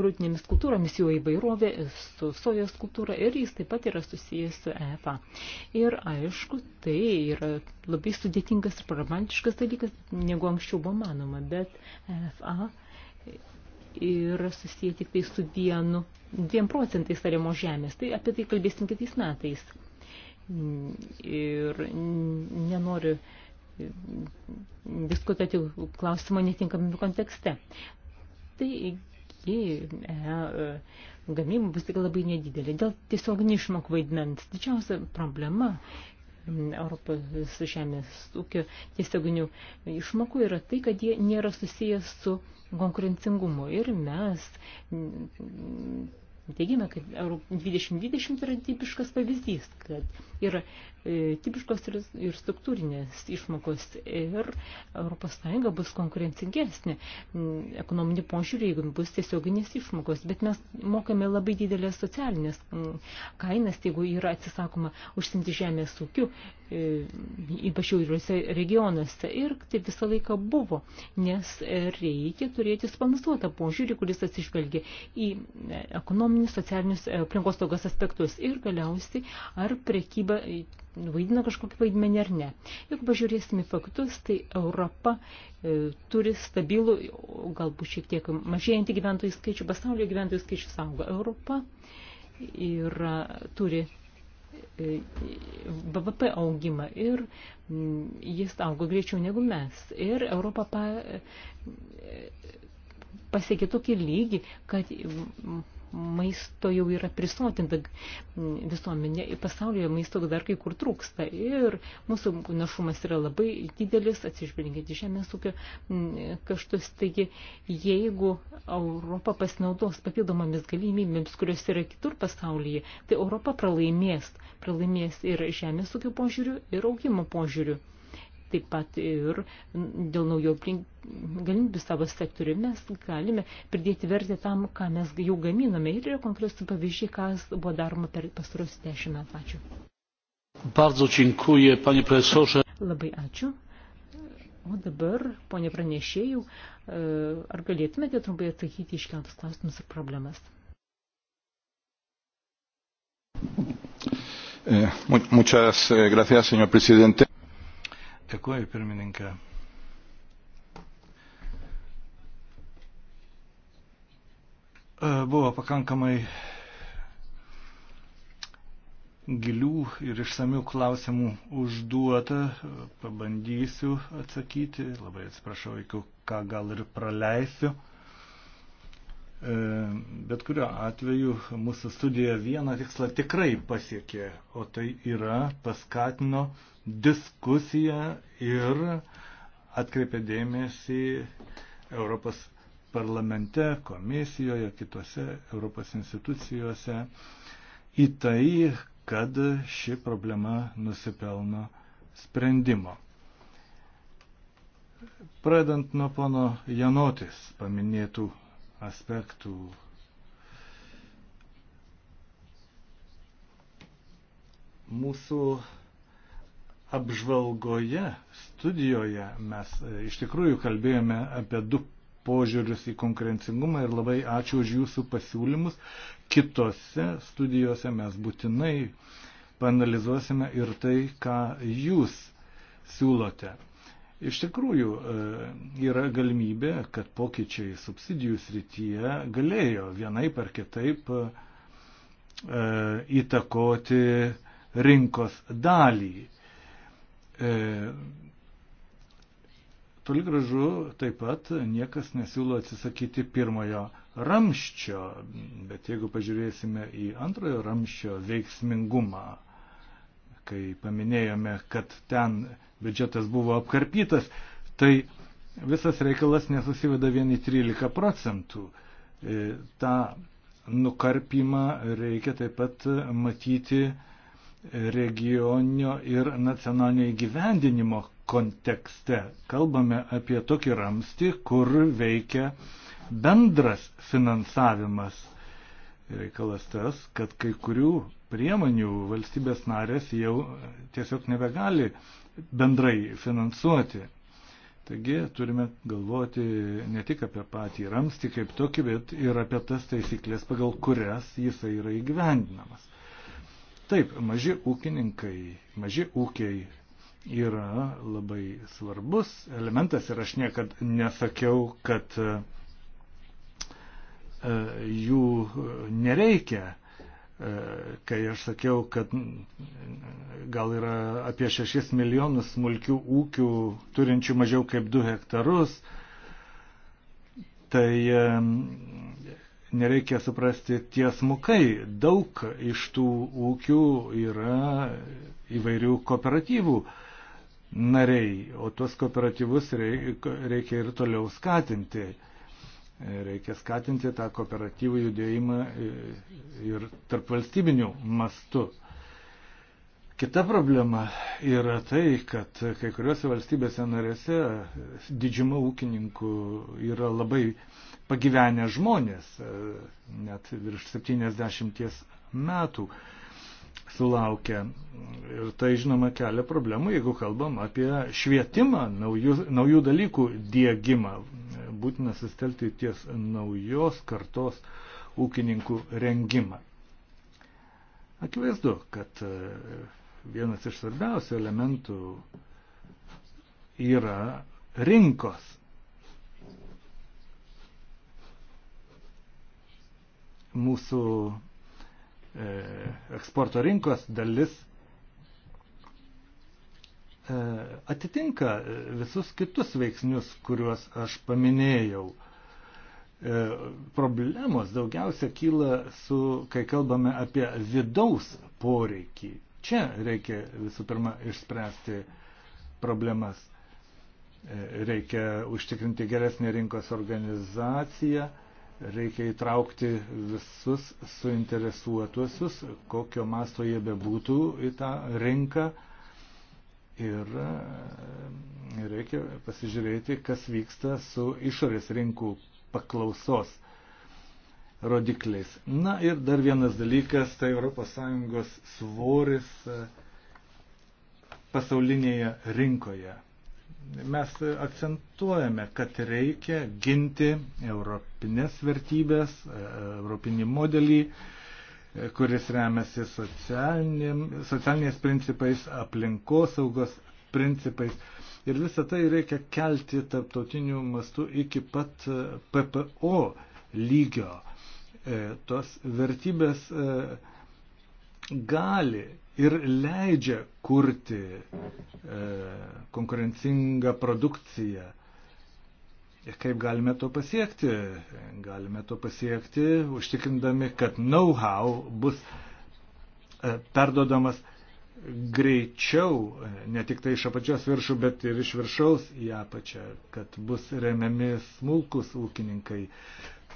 grūtinėmis kultūromis, jų įvairovė, su sojos kultūra ir jis taip pat yra susijęs su EFA. Ir aišku, tai yra labai sudėtingas ir problematiškas dalykas, negu anksčiau buvo manoma, bet EFA yra susiję tik tai su vienu, dviem procentais tariamos žemės. Tai apie tai kalbėsim kitais metais. Ir nenoriu diskutuoti klausimo netinkamame kontekste. Taigi, e, gamyba bus tik labai nedidelė. Dėl tiesiog neišmok vaidmens. Didžiausia problema Europos žemės ūkio tiesioginių išmokų yra tai, kad jie nėra susijęs su konkurencingumu. Ir mes teigiame, kad 2020 yra tipiškas pavyzdys, kad yra E, tipiškos ir struktūrinės išmokos ir ES bus konkurencingesnė mm, ekonominį požiūrį, jeigu bus tiesioginės išmokos, bet mes mokame labai didelės socialinės mm, kainas, jeigu yra atsisakoma užsimti žemės ūkių, e, ypač jauriuose regionuose ir taip visą laiką buvo, nes reikia turėti subalansuotą požiūrį, kuris atsižvelgia į ekonominius, socialinius e, aplinkos saugos aspektus ir galiausiai ar prekyba vaidina kažkokį vaidmenį ar ne. Jeigu pažiūrėsime faktus, tai Europa e, turi stabilų, galbūt šiek tiek mažėjantį gyventojų skaičių, pasaulio gyventojų skaičių saugo Europa ir e, turi e, BVP augimą ir m, mm, jis augo greičiau negu mes. Ir Europa pa, e, pasiekė tokį lygį, kad m, mm, maisto jau yra prisotinta visuomenė. Pasaulyje maisto dar kai kur trūksta ir mūsų našumas yra labai didelis, atsižvelgiant į žemės ūkio kaštus. Taigi, jeigu Europa pasinaudos papildomomis galimybėmis, kurios yra kitur pasaulyje, tai Europa pralaimės. Pralaimės ir žemės ūkio požiūrių, ir augimo požiūrių taip pat ir dėl naujo galimybių savo sektoriui. Mes galime pridėti vertę tam, ką mes jau gaminame ir yra konkretus pavyzdžiai, kas buvo daroma per pastarus dešimt metų. Ačiū. Bardzo dziękuję, panie profesorze. Labai ačiū. O dabar, ponė pranešėjų, e, ar galėtumėte trumpai atsakyti iškeltus klausimus ir problemas? Eh, muchas eh, gracias, señor presidente. Dėkuoju, pirmininkė. E, buvo pakankamai gilių ir išsamių klausimų užduota. Pabandysiu atsakyti. Labai atsiprašau, jeigu ką gal ir praleisiu. E, bet kuriuo atveju mūsų studija vieną tikslą tikrai pasiekė, o tai yra paskatino diskusiją ir atkreipė dėmesį Europos parlamente, komisijoje, kitose Europos institucijose į tai, kad ši problema nusipelno sprendimo. Pradant nuo pono Janotis paminėtų aspektų. Mūsų apžvalgoje, studijoje mes e, iš tikrųjų kalbėjome apie du požiūrius į konkurencingumą ir labai ačiū už jūsų pasiūlymus. Kitose studijose mes būtinai panalizuosime ir tai, ką jūs siūlote. Iš tikrųjų e, yra galimybė, kad pokyčiai subsidijų srityje galėjo vienai par kitaip e, įtakoti rinkos dalį. E, toli gražu taip pat niekas nesiūlo atsisakyti pirmojo ramščio, bet jeigu pažiūrėsime į antrojo ramščio veiksmingumą, kai paminėjome, kad ten biudžetas buvo apkarpytas, tai visas reikalas nesusiveda vien į 13 procentų. E, Ta nukarpimą reikia taip pat matyti regioninio ir nacionalinio įgyvendinimo kontekste. Kalbame apie tokį ramstį, kur veikia bendras finansavimas. Reikalas tas, kad kai kurių priemonių valstybės narės jau tiesiog nebegali bendrai finansuoti. Taigi turime galvoti ne tik apie patį ramstį kaip tokį, bet ir apie tas taisyklės, pagal kurias jisai yra įgyvendinamas. Taip, maži ūkininkai, maži ūkiai yra labai svarbus elementas ir aš niekad nesakiau, kad e, jų nereikia kai aš sakiau, kad gal yra apie 6 milijonus smulkių ūkių turinčių mažiau kaip 2 hektarus, tai nereikia suprasti tiesmukai. Daug iš tų ūkių yra įvairių kooperatyvų nariai, o tuos kooperatyvus reikia ir toliau skatinti. Reikia skatinti tą kooperatyvų judėjimą ir tarp valstybinių mastų. Kita problema yra tai, kad kai kuriuose valstybėse narėse didžiuma ūkininkų yra labai pagyvenę žmonės, e, net virš 70 metų sulaukia. Ir tai, žinoma, kelia problemų, jeigu kalbam apie švietimą, naujų, naujų dalykų dėgymą būtina sustelti ties naujos kartos ūkininkų rengimą. Akivaizdu, kad e, vienas iš svarbiausių elementų yra rinkos. Mūsų e, eksporto rinkos dalis E, atitinka e, visus kitus veiksnius, kuriuos aš paminėjau. E, problemos daugiausia kyla su, kai kalbame apie vidaus poreikį. Čia reikia visų pirma išspręsti problemas. Reikia užtikrinti geresnį rinkos organizaciją, reikia įtraukti visus suinteresuotuosius, kokio masto jie bebūtų į tą rinką ir e, reikia pasižiūrėti, kas vyksta su išorės rinkų paklausos rodikliais. Na ir dar vienas dalykas, tai ES svoris e, pasaulinėje rinkoje. Mes akcentuojame, kad reikia ginti europinės vertybės, e, europinį modelį, kuris remiasi socialiniais principais, aplinkosaugos principais. Ir visą tai reikia kelti tarptautinių mastų iki pat e, PPO lygio. E, tos vertybės e, gali ir leidžia kurti konkurencingą produkciją Ir kaip galime to pasiekti? Galime to pasiekti, užtikrindami, kad know-how bus e, perdodamas greičiau, ne tik tai iš apačios viršų, bet ir iš viršaus į apačią, kad bus remiami smulkus ūkininkai.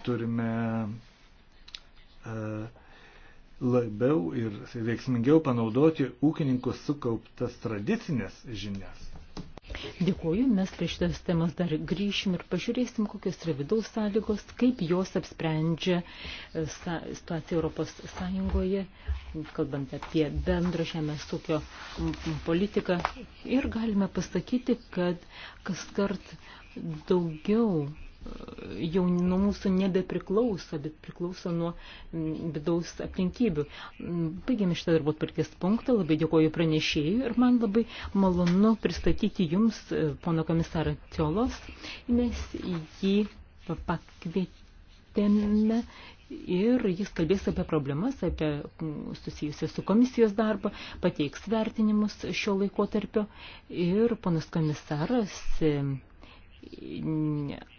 Turime e, labiau ir veiksmingiau panaudoti ūkininkų sukauptas tradicinės žinias. Dėkuoju, mes prie šitas temas dar grįšim ir pažiūrėsim, kokios yra vidaus sąlygos, kaip jos apsprendžia e, situaciją Europos Sąjungoje, kalbant apie bendrą žemės ūkio politiką. Ir galime pasakyti, kad kas kart daugiau jau nuo mūsų nebepriklauso, bet priklauso nuo mm, vidaus aplinkybių. Baigėme šitą darbo tvarkės punktą, labai dėkoju pranešėjui ir man labai malonu pristatyti jums e, pono komisarą Ciolos, nes jį pakvietėme ir jis kalbės apie problemas, apie mm, susijusias su komisijos darbą, pateiks vertinimus šio laikotarpio ir ponas komisaras e,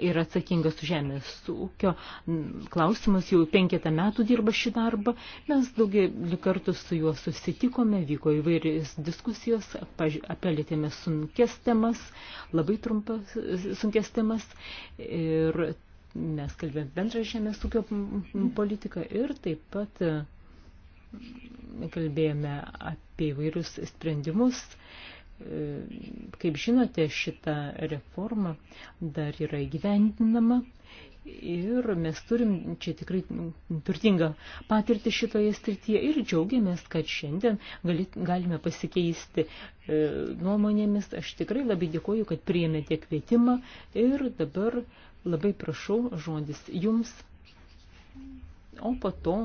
yra atsakingas už žemės ūkio klausimas, jau penketą metų dirba šį darbą, mes daugelį kartų su juo susitikome, vyko įvairiais diskusijos, apelėtėme sunkes temas, labai trumpas sunkes temas ir mes kalbėjome bendrą žemės ūkio politiką ir taip pat kalbėjome apie įvairius sprendimus, Kaip žinote, šita reforma dar yra įgyvendinama ir mes turim čia tikrai turtingą patirtį šitoje srityje ir džiaugiamės, kad šiandien galime pasikeisti e, nuomonėmis. Aš tikrai labai dėkoju, kad priėmėte kvietimą ir dabar labai prašau žodis jums. O po to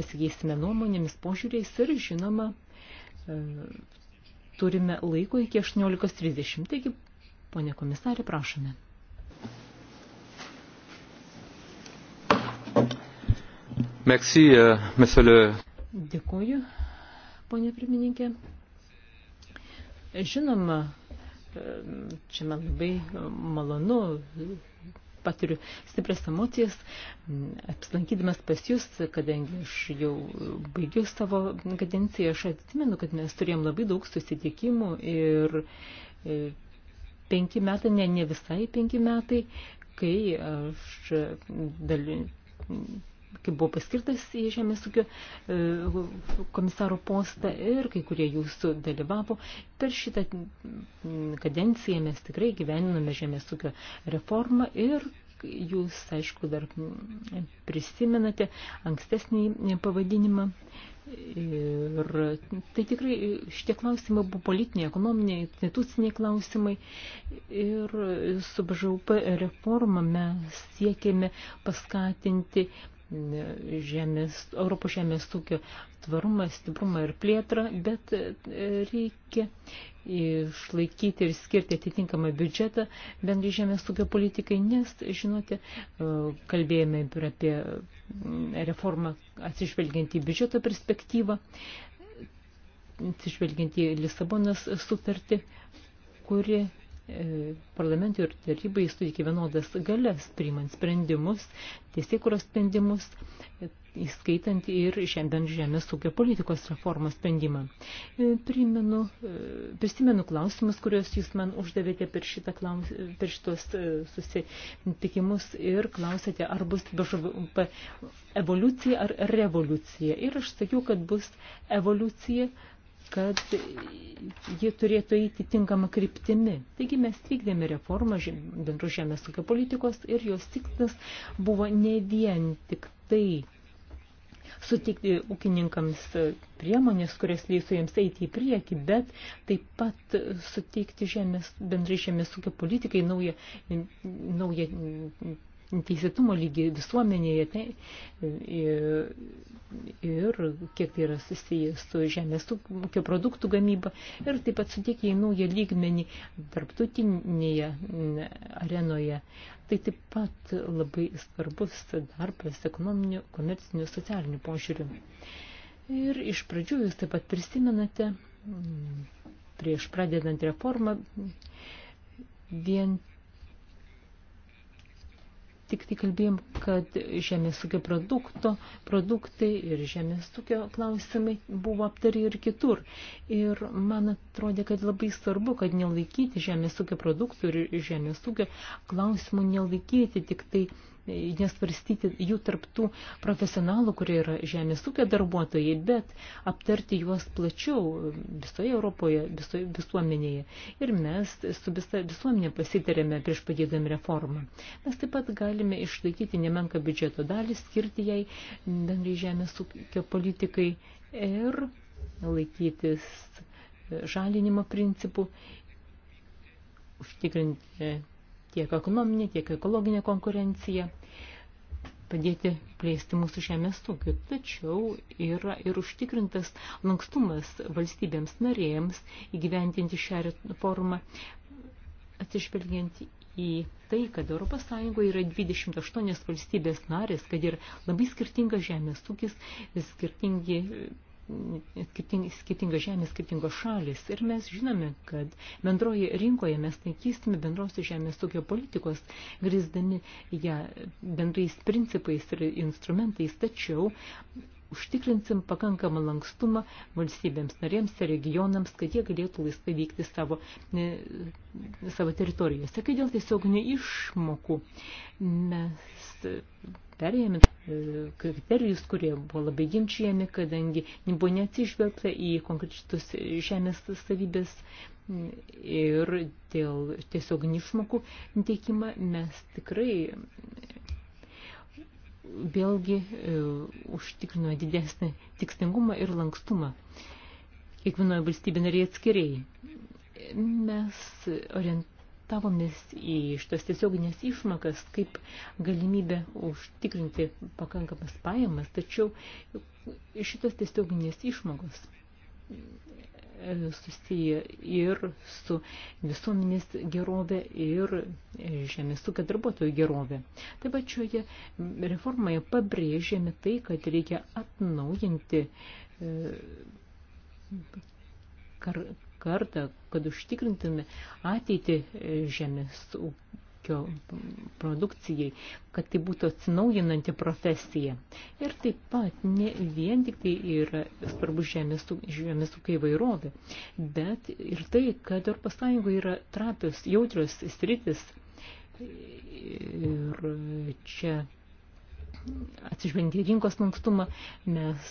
pasikeisime nuomonėmis, požiūrės ir žinoma e, turime laiko iki 18.30. Taigi, ponė komisarė, prašome. Merci, euh, monsieur le... Dėkuoju, ponė pirmininkė. Žinoma, čia man labai malonu patiriu stiprias emocijas, apsilankydamas pas jūs, kadangi aš jau baigiau savo kadenciją, aš atsimenu, kad mes turėjom labai daug susitikimų ir e, penki metai, ne, ne visai penki metai, kai aš dalyvau kai buvo paskirtas į Žemės ūkio e, komisaro postą ir kai kurie jūsų dalyvavo. Per šitą kadenciją mes tikrai gyveninome Žemės ūkio reformą ir jūs, aišku, dar prisimenate ankstesnį pavadinimą. Ir tai tikrai šitie klausimai buvo politiniai, ekonominiai, instituciniai klausimai. Ir su BŽUP reforma mes siekėme paskatinti žemės, Europos žemės ūkio tvarumą, stiprumą ir plėtrą, bet e, reikia išlaikyti ir skirti atitinkamą biudžetą bendrai žemės ūkio politikai, nes, žinote, e, kalbėjome ir apie reformą atsižvelgiant į biudžeto perspektyvą, atsižvelgiant į Lisabonas sutartį, kuri E, parlamentui ir tarybai suteikia vienodas galias, priimant sprendimus, tiesiekuros sprendimus, įskaitant ir šiandien žemės ūkio politikos reformos sprendimą. E, primenu, e, prisimenu klausimus, kuriuos jūs man uždavėte per, šitą klaus, per šitos susitikimus ir klausėte, ar bus evoliucija ar revoliucija. Ir aš sakiau, kad bus evoliucija kad ji turėtų eiti tinkamą kryptimi. Taigi mes vykdėme reformą bendro žemės ūkio politikos ir jos tikslas buvo ne vien tik tai suteikti ūkininkams priemonės, kurias leisų jiems eiti į priekį, bet taip pat suteikti žemės, bendrai žemės ūkio politikai naują, naują teisėtumo lygį visuomenėje te, tai, ir, ir kiek tai yra susijęs su žemės ūkio produktų gamyba ir taip pat suteikia į naują lygmenį tarptautinėje arenoje. Tai taip pat labai svarbus darbas ekonominių, komercinių, socialinių požiūrių. Ir iš pradžių jūs taip pat prisimenate prieš pradedant reformą vien tik tai kalbėjom, kad žemės ūkio produkto, produktai ir žemės ūkio klausimai buvo aptari ir kitur. Ir man atrodė, kad labai svarbu, kad nelaikyti žemės ūkio produktų ir žemės ūkio klausimų nelaikyti tik tai nesvarstyti jų tarptų profesionalų, kurie yra žemės ūkio darbuotojai, bet aptarti juos plačiau visoje Europoje, visoje visuomenėje. Ir mes su visa visuomenė pasitarėme prieš padėdami reformą. Mes taip pat galime išlaikyti nemenką biudžeto dalį, skirti jai bendrai žemės ūkio politikai ir laikytis žalinimo principų, užtikrinti tiek ekonominė, tiek ekologinė konkurencija, padėti plėsti mūsų žemės ūkių. Tačiau yra ir užtikrintas lankstumas valstybėms narėjams įgyventinti šią reformą, atsižvelgiant į tai, kad ES yra 28 valstybės narės, kad yra labai skirtingas žemės ūkis, skirtingi skirting, skirtingos žemės, skirtingos šalis. Ir mes žinome, kad bendroje rinkoje mes taikysime bendrosios žemės tokio politikos, grįsdami ją bendrais principais ir instrumentais, tačiau užtikrinsim pakankamą lankstumą valstybėms narėms ir regionams, kad jie galėtų laisvai veikti savo, ne, savo teritorijose. Kai dėl tiesioginių išmokų mes perėjami e, kriterijus, kurie buvo labai ginčiami, kadangi buvo neatsižvelgta į konkrečius žemės savybės ir dėl tiesiog nišmokų teikimą mes tikrai vėlgi e, užtikrino didesnį tikslingumą ir lankstumą. Kiekvienoje valstybė narėje atskiriai. Mes orient, orientavomės į šitas tiesioginės išmokas kaip galimybę užtikrinti pakankamas pajamas, tačiau šitas tiesioginės išmokos e, susiję ir su visuomenės gerovė ir e, žemės ūkio darbuotojų gerovė. Taip pat šioje reformoje pabrėžėme tai, kad reikia atnaujinti e, kar, kartą, kad užtikrintume ateitį e, žemės ūkio produkcijai, kad tai būtų atsinaujinanti profesija. Ir taip pat ne vien tik tai yra svarbu žemės, žemės ūkio įvairovė, bet ir tai, kad Europos Sąjungoje yra trapios, jautrios sritis. Ir čia atsižvelgiant į rinkos lankstumą, mes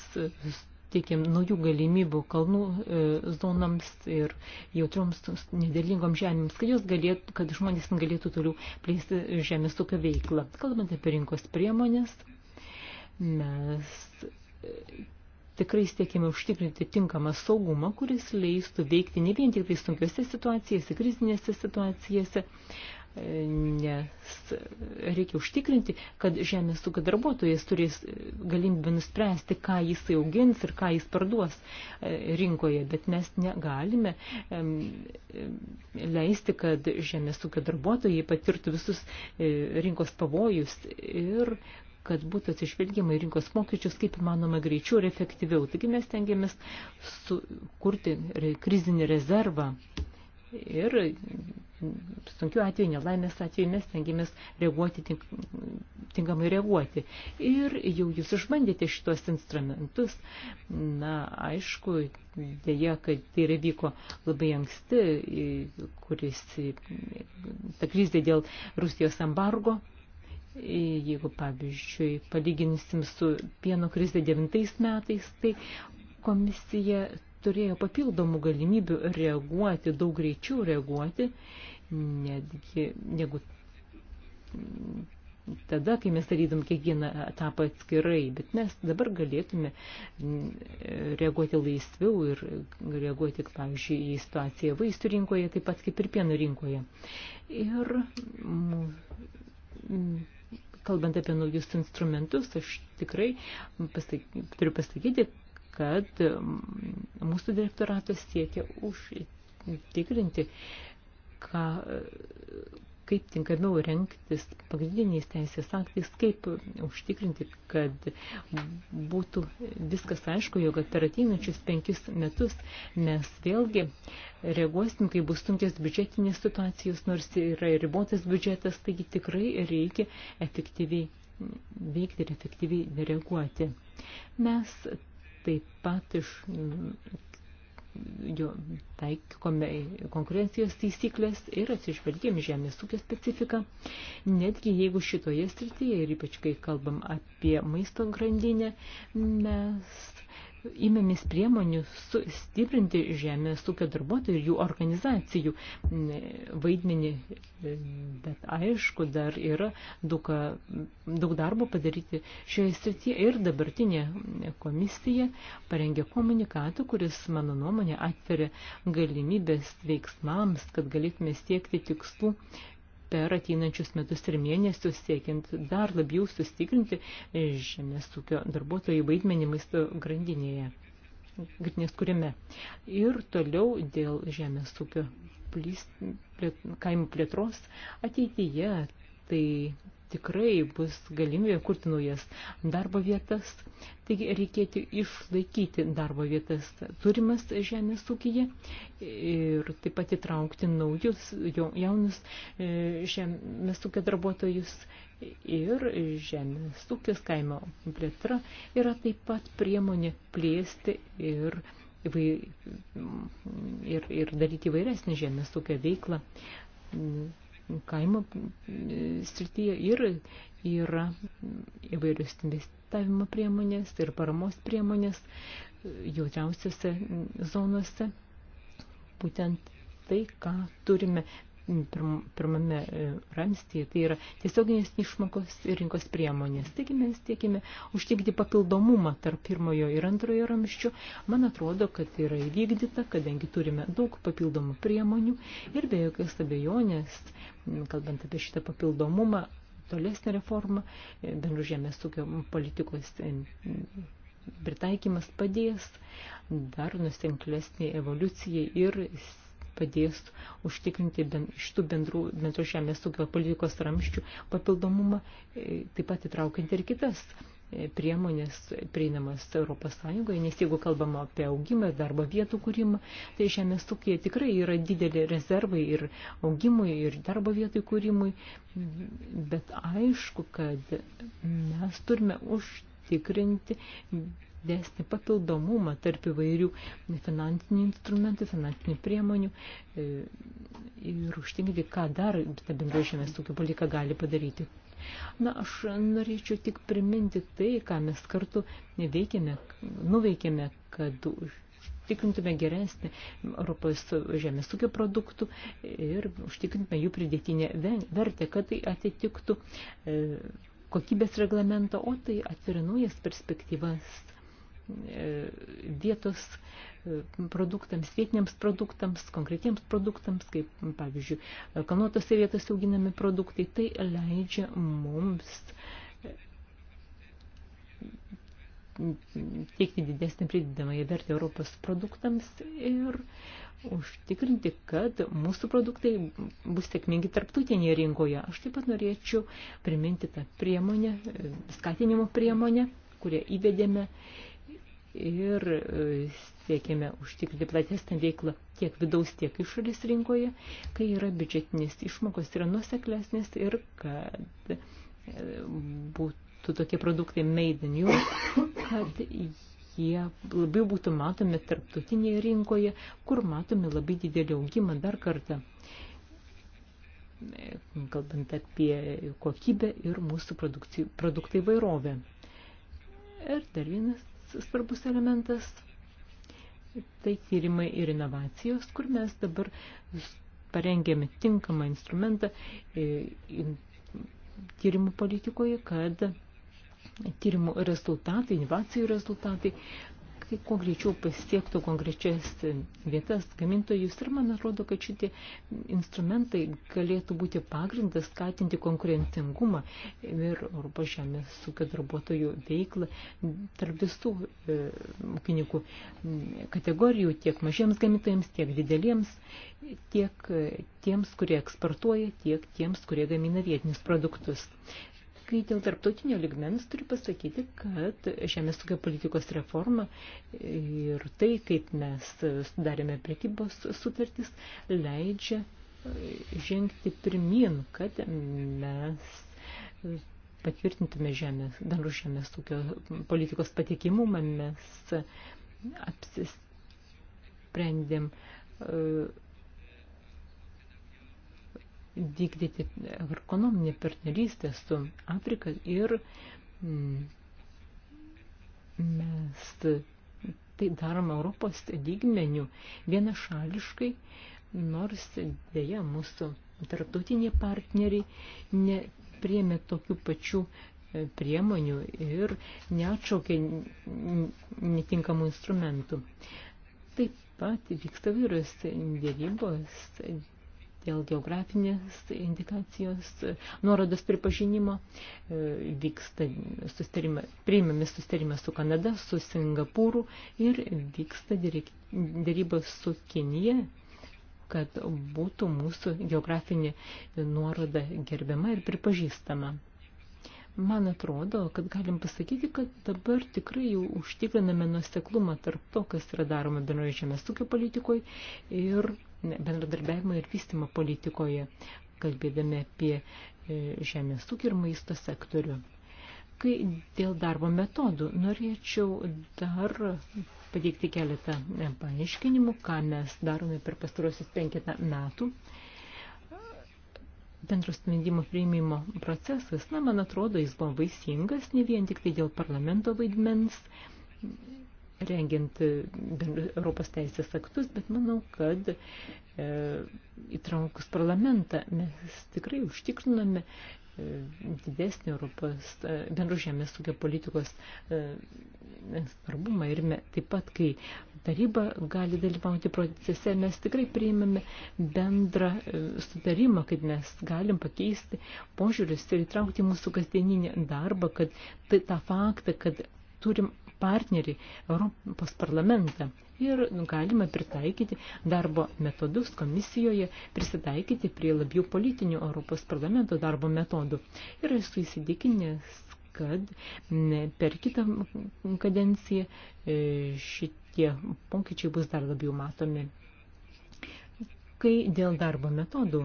teikiam naujų galimybių kalnų e, zonams ir jautrioms nedėlingoms žemėms, kad, jos galėtų, kad žmonės galėtų toliau plėsti žemės ūkio veiklą. Kalbant apie rinkos priemonės, mes e, tikrai siekime užtikrinti tinkamą saugumą, kuris leistų veikti ne vien tik tai sunkiose situacijose, krizinėse situacijose, nes reikia užtikrinti, kad žemės ūkio darbuotojas turės galimybę nuspręsti, ką jis augins ir ką jis parduos e, rinkoje, bet mes negalime leisti, kad žemės ūkio darbuotojai patirtų visus e, rinkos pavojus ir kad būtų atsižvelgiama į rinkos mokyčius kaip įmanoma greičiau ir efektyviau. Taigi mes tengiamės sukurti krizinį rezervą ir sunkiu atveju, nelaimės atveju mes tengiamės reaguoti, tink, tinkamai reaguoti. Ir jau jūs išbandėte šitos instrumentus. Na, aišku, dėja, kad tai yra vyko labai anksti, kuris ta krizė dėl Rusijos embargo. Jeigu, pavyzdžiui, palyginsim su pieno krize devintais metais, tai komisija turėjo papildomų galimybių reaguoti, daug greičiau reaguoti, netgi negu tada, kai mes darydom kiekvieną etapą atskirai, bet mes dabar galėtume reaguoti laisviau ir reaguoti, pavyzdžiui, į situaciją vaistų rinkoje, taip pat kaip ir pieno rinkoje. Ir kalbant apie naujus instrumentus, aš tikrai pasaky, turiu pasakyti, kad mūsų direktoratas siekia užtikrinti, ką, kaip tinkamiau renktis pagrindiniais teisės aktais, kaip užtikrinti, kad būtų viskas aišku, jog per ateinančius penkius metus mes vėlgi reaguosim, kai bus sunkios biudžetinės situacijos, nors yra ribotas biudžetas, taigi tikrai reikia efektyviai veikti ir efektyviai reaguoti. Mes taip pat iš mm, jo taikome konkurencijos taisyklės ir atsižvelgėm žemės ūkio specifiką, netgi jeigu šitoje srityje ir ypač kai kalbam apie maisto grandinę, mes imėmės priemonių sustiprinti žemės ūkio darbuotojų ir jų organizacijų vaidmenį, bet aišku, dar yra daug, daug darbo padaryti šioje srityje ir dabartinė komisija parengė komunikatą, kuris, mano nuomonė, atveria galimybės veiksmams, kad galėtume siekti tikslų per ateinančius metus ir mėnesius, siekiant dar labiau sustikrinti žemės ūkio darbuotojų vaidmenį maisto grandinėje, grandinės kūrime. Ir toliau dėl žemės ūkio plėt, kaimų plėtros ateityje tai tikrai bus galimybė kurti naujas darbo vietas. Taigi reikėtų išlaikyti darbo vietas turimas žemės ūkyje ir taip pat įtraukti naujus, jaunus e, žemės ūkio darbuotojus ir žemės ūkis kaimo plėtra yra taip pat priemonė plėsti ir Ir, ir daryti įvairesnį žemės ūkio veiklą kaimo e, srityje ir yra įvairius investavimo priemonės ir paramos priemonės jautriausiose zonose. Būtent tai, ką turime pirmame e, ramstyje, tai yra tiesioginės išmokos ir rinkos priemonės. Taigi mes tiekime užtikti papildomumą tarp pirmojo ir antrojo ramščio. Man atrodo, kad yra įvykdyta, kadangi turime daug papildomų priemonių ir be jokios abejonės, kalbant apie šitą papildomumą, tolesnė reforma, e, bendru žemės ūkio politikos e, pritaikymas padės dar nusenklesnį evoliuciją ir padės užtikrinti ben, šitų bendrų, bendrų žemės ūkio politikos ramščių papildomumą, e, taip pat įtraukiant ir kitas e, priemonės prieinamas Europos Sąjungoje, nes jeigu kalbama apie augimą ir darbo vietų kūrimą, tai žemės ūkija tikrai yra didelė rezervai ir augimui, ir darbo vietų kūrimui, bet aišku, kad mes turime užtikrinti dėsnį papildomumą tarp įvairių finansinių instrumentų, finansinių priemonių e, ir užtikrinti, ką dar ta bendra žemės tokia politika gali padaryti. Na, aš norėčiau tik priminti tai, ką mes kartu veikėme, nuveikėme, kad užtikrintume geresnį Europos žemės ūkio produktų ir užtikrintume jų pridėtinę vertę, kad tai atitiktų e, kokybės reglamentą, o tai atveria naujas perspektyvas vietos e, e, produktams, vietiniams produktams, konkretiems produktams, kaip, pavyzdžiui, kalnuotose vietose auginami produktai, tai leidžia mums e, teikti didesnį pridedamąją vertę Europos produktams ir užtikrinti, kad mūsų produktai bus sėkmingi tarptautinėje rinkoje. Aš taip pat norėčiau priminti tą priemonę, skatinimo priemonę, kurią įvedėme ir e, siekime užtikrinti platesnę veiklą tiek vidaus, tiek išorės rinkoje, kai yra biudžetinės išmokos tai yra nuseklesnės ir kad e, būtų tokie produktai made in Europe, kad jie labiau būtų matomi tarptautinėje rinkoje, kur matomi labai didelį augimą dar kartą e, kalbant apie kokybę ir mūsų produktai vairovę. Ir dar vienas svarbus elementas, tai tyrimai ir inovacijos, kur mes dabar parengėme tinkamą instrumentą e, tyrimų politikoje, kad tyrimų rezultatai, inovacijų rezultatai kad kuo greičiau pasiektų konkrečias vietas gamintojus ir man atrodo, kad šitie instrumentai galėtų būti pagrindas skatinti konkurencingumą ir Europos žemės ūkio darbuotojų veiklą tarp visų e, ūkininkų kategorijų, tiek mažiems gamintojams, tiek dideliems, tiek tiems, kurie eksportuoja, tiek tiems, kurie gamina vietinius produktus kai dėl tarptautinio ligmens turiu pasakyti, kad žemės tokio politikos reforma ir tai, kaip mes sudarėme prekybos sutartis, leidžia žengti pirmin, kad mes patvirtintume žemės, bendrų žemės tokio politikos patikimumą, mes apsisprendėm uh, vykdyti ekonominę partnerystę su Afrika ir mm, mes tai darom Europos lygmenių vienašališkai, nors dėja mūsų tarptautiniai partneriai nepriemė tokių pačių e, priemonių ir neatšaukė netinkamų instrumentų. Taip pat vyksta vyrios dėrybos dėl geografinės indikacijos, nuorodos pripažinimo, e, vyksta sustarimą, priimami sustarimą su Kanada, su Singapūru ir vyksta dėrybos su Kinija, kad būtų mūsų geografinė nuoroda gerbiama ir pripažįstama. Man atrodo, kad galim pasakyti, kad dabar tikrai jau užtikriname nuoseklumą tarp to, kas yra daroma bendroje žemės ūkio politikoje ir bendradarbiavimo ir vystimo politikoje, kalbėdami apie e, žemės ūkį ir maisto sektorių. Kai dėl darbo metodų norėčiau dar pateikti keletą e, paaiškinimų, ką mes darome per pastarosius penketą metų bendro sprendimo priimimo procesas, na, man atrodo, jis buvo vaisingas, ne vien tik tai dėl parlamento vaidmens, rengiant e, Europos teisės aktus, bet manau, kad e, įtraukus parlamentą mes tikrai užtikriname e, didesnį Europos e, bendro žemės ūkio politikos e, svarbumą ir me, taip pat, kai taryba gali dalyvauti procese, mes tikrai priimame bendrą e, sutarimą, kad mes galim pakeisti požiūrius ir įtraukti mūsų kasdieninį darbą, kad tai tą faktą, kad turim partnerį, Europos parlamentą. Ir galima pritaikyti darbo metodus komisijoje, prisitaikyti prie labiau politinių Europos parlamento darbo metodų. Ir esu įsidikinęs, kad per kitą kadenciją e, šitie pokyčiai bus dar labiau matomi. Kai dėl darbo metodų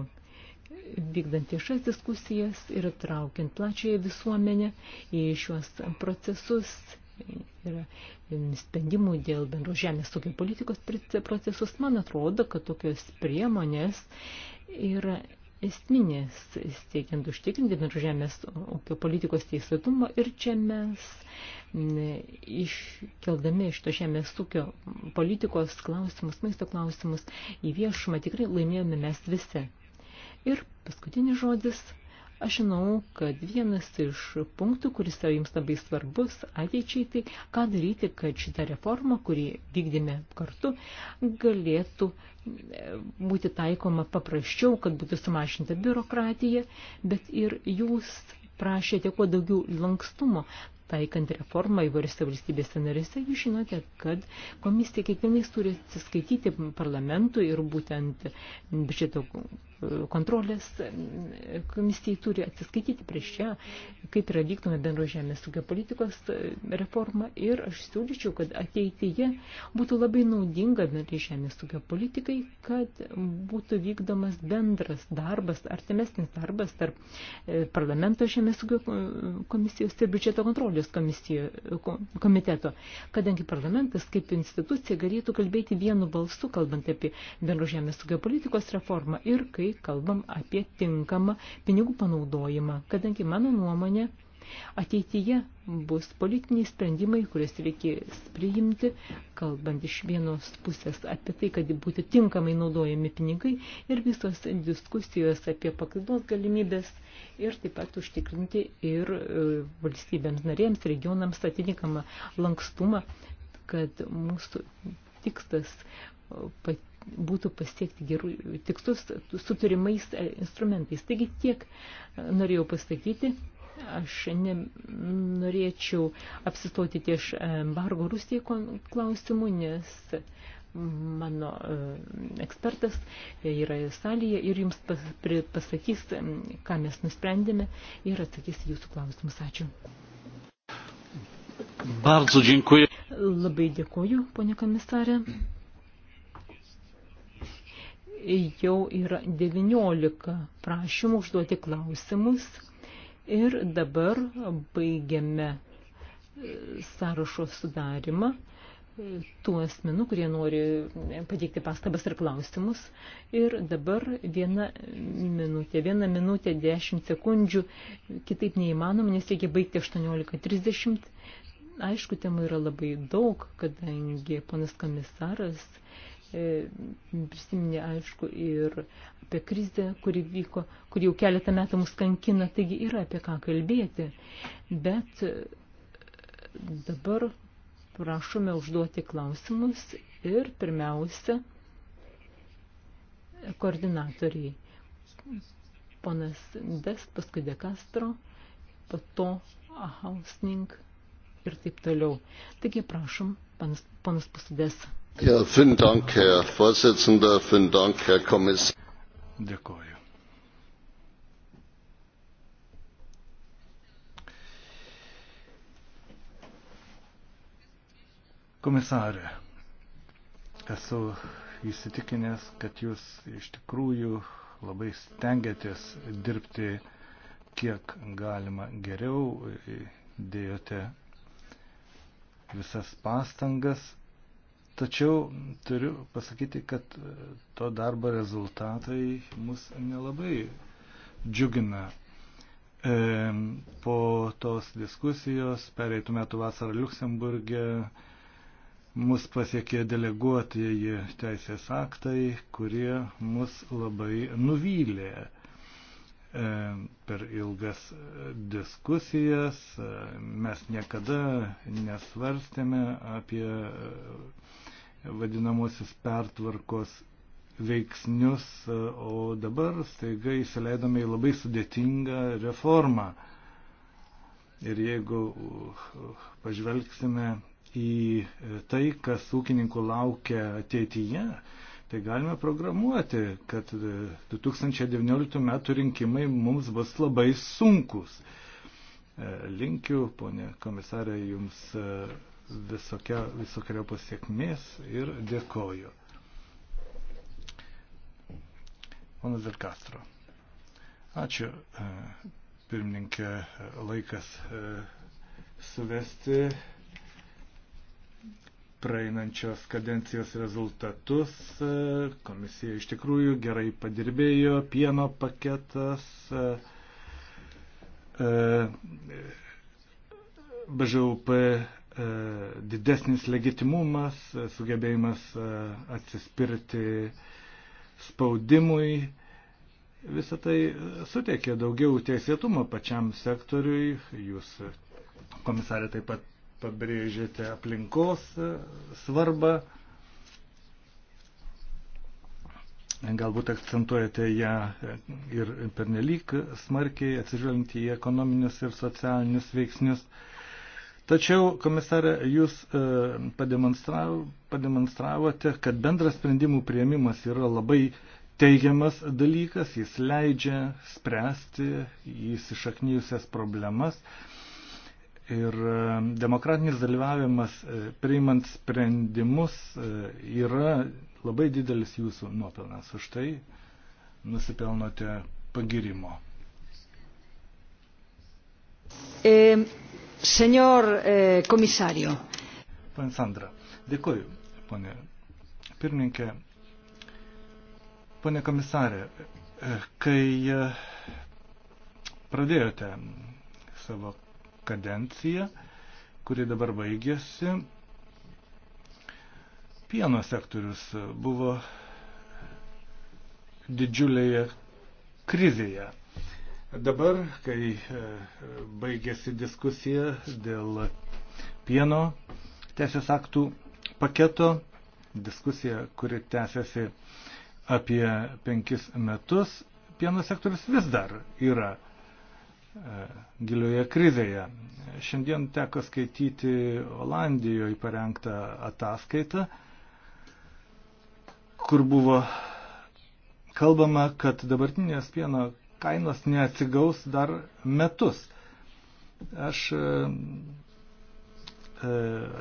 vykdant viešas diskusijas ir traukiant plačiąją visuomenę į šiuos procesus yra e, sprendimų dėl bendro žemės tokio politikos procesus, man atrodo, kad tokios priemonės yra esminės, siekiant užtikrinti bendro žemės ūkio politikos teisėtumą ir čia mes iškeldami iš to žemės ūkio politikos klausimus, maisto klausimus į viešumą tikrai laimėjome mes visi. Ir paskutinis žodis – Aš žinau, kad vienas iš punktų, kuris yra jums labai svarbus ateičiai, tai ką daryti, kad šita reforma, kurį vykdėme kartu, galėtų e, būti taikoma paprasčiau, kad būtų sumažinta biurokratija, bet ir jūs prašėte kuo daugiau lankstumo, taikant reformą įvairiose valstybėse narėse, jūs žinote, kad komisija kiekvienais turi atsiskaityti parlamentui ir būtent biudžeto kontrolės komisijai turi atsiskaityti prieš ją, kaip yra vykdoma bendro žemės ūkio politikos reforma ir aš siūlyčiau, kad ateityje būtų labai naudinga bendro žemės ūkio politikai, kad būtų vykdomas bendras darbas, artimesnis darbas tarp e, parlamento žemės ūkio e, komisijos ir biudžeto kontrolės komisijo, komiteto, kadangi parlamentas kaip institucija galėtų kalbėti vienu balsu, kalbant apie bendro žemės ūkio politikos reformą ir kaip kai kalbam apie tinkamą pinigų panaudojimą, kadangi mano nuomonė ateityje bus politiniai sprendimai, kuriuos reikės priimti, kalbant iš vienos pusės apie tai, kad būtų tinkamai naudojami pinigai ir visos diskusijos apie paklaidos galimybės ir taip pat užtikrinti ir e, valstybėms narėms, regionams atitinkamą lankstumą, kad mūsų tikslas e, pat būtų pasiekti gerų tikslus su turimais e, instrumentais. Taigi tiek e, norėjau pasakyti. Aš norėčiau apsistoti ties e, embargo Rusijai klausimu, nes mano ekspertas yra salėje ir jums pasakys, ką mes nusprendėme ir atsakys jūsų klausimus. Ačiū. Bardzo dziękuję. Labai dėkoju, ponė komisarė jau yra 19 prašymų užduoti klausimus ir dabar baigiame e, sąrašo sudarimą e, tų asmenų, kurie nori e, pateikti pastabas ir klausimus. Ir dabar viena minutė, viena minutė, dešimt sekundžių, kitaip neįmanoma, nes reikia baigti 18.30. Aišku, temų yra labai daug, kadangi ponas komisaras E, prisiminė, aišku, ir apie krizę, kuri vyko, kuri jau keletą metų mus kankina, taigi yra apie ką kalbėti. Bet e, dabar prašome užduoti klausimus ir pirmiausia koordinatoriai. Ponas Des, paskui De Castro, po to Hausning ir taip toliau. Taigi prašom, panas, panas Pusidės. Ja, vielen Dank, Herr Vorsitzender, vielen Dank, Herr Kommissar. Dėkuoju. Komisarė, esu įsitikinęs, kad jūs iš tikrųjų labai stengiatės dirbti kiek galima geriau, dėjote visas pastangas Tačiau turiu pasakyti, kad e, to darbo rezultatai mus nelabai džiugina. E, po tos diskusijos pereitų metų vasarą Luksemburgė mus pasiekė deleguotieji teisės aktai, kurie mus labai nuvylė e, per ilgas e, diskusijas. Mes niekada nesvarstėme apie vadinamosius pertvarkos veiksnius, o dabar staiga įsileidome į labai sudėtingą reformą. Ir jeigu uh, uh, pažvelgsime į tai, kas ūkininkų laukia ateityje, tai galime programuoti, kad 2019 uh, metų rinkimai mums bus labai sunkus. Linkiu, ponė komisarė, jums visokia, visokio pasiekmės ir dėkoju. Ponas Del Castro. Ačiū, e, pirmininkė, e, laikas e, suvesti praeinančios kadencijos rezultatus. Komisija iš tikrųjų gerai padirbėjo, pieno paketas, BŽUP E, didesnis legitimumas, e, sugebėjimas e, atsispirti spaudimui. Visą tai suteikė daugiau teisėtumo pačiam sektoriui. Jūs, komisarė, taip pat pabrėžėte aplinkos svarbą. Galbūt akcentuojate ją ir pernelyg smarkiai atsižvelgiant į ekonominius ir socialinius veiksnius. Tačiau, komisarė, jūs e, pademonstravote, kad bendras sprendimų prieimimas yra labai teigiamas dalykas, jis leidžia spręsti įsišaknyjusias problemas. Ir e, demokratinis dalyvavimas e, priimant sprendimus yra labai didelis jūsų nuopelnas. Už tai nusipelnote pagirimo. E Senior eh, komisario. Pane Sandra, dėkuoju, ponė pirmininkė. Pone komisarė, e, kai e, pradėjote savo kadenciją, kuri dabar baigėsi, pieno sektorius buvo didžiulėje krizėje. Dabar, kai e, baigėsi diskusija dėl pieno teisės aktų paketo, diskusija, kuri tęsiasi apie penkis metus, pieno sektorius vis dar yra e, gilioje krizėje. Šiandien teko skaityti Olandijoje parengtą ataskaitą, kur buvo kalbama, kad dabartinės pieno kainos neatsigaus dar metus. Aš e, e,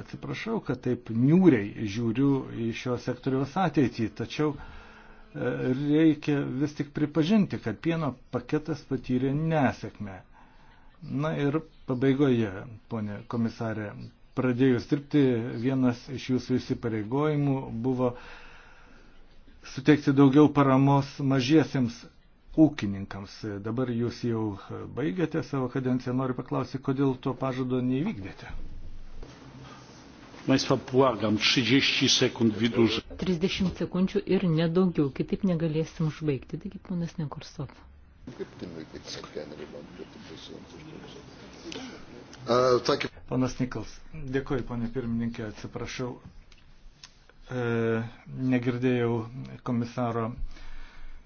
atsiprašau, kad taip niūriai žiūriu į šio sektoriaus ateitį, tačiau e, reikia vis tik pripažinti, kad pieno paketas patyrė nesėkmę. Na ir pabaigoje, ponė komisarė, pradėjus dirbti, vienas iš jūsų įsipareigojimų buvo suteikti daugiau paramos mažiesiems ūkininkams. Dabar jūs jau baigėte savo kadenciją, noriu paklausyti, kodėl to pažado neįvykdėte. Państwa błagam, 30 sekund wydłużę. 30 sekundžių ir nedaugiau, kitaip negalėsim užbaigti. Taigi, ponas Nekursov. Ponas Nikals, dėkoju, ponė pirmininkė, atsiprašau. E, negirdėjau komisaro e,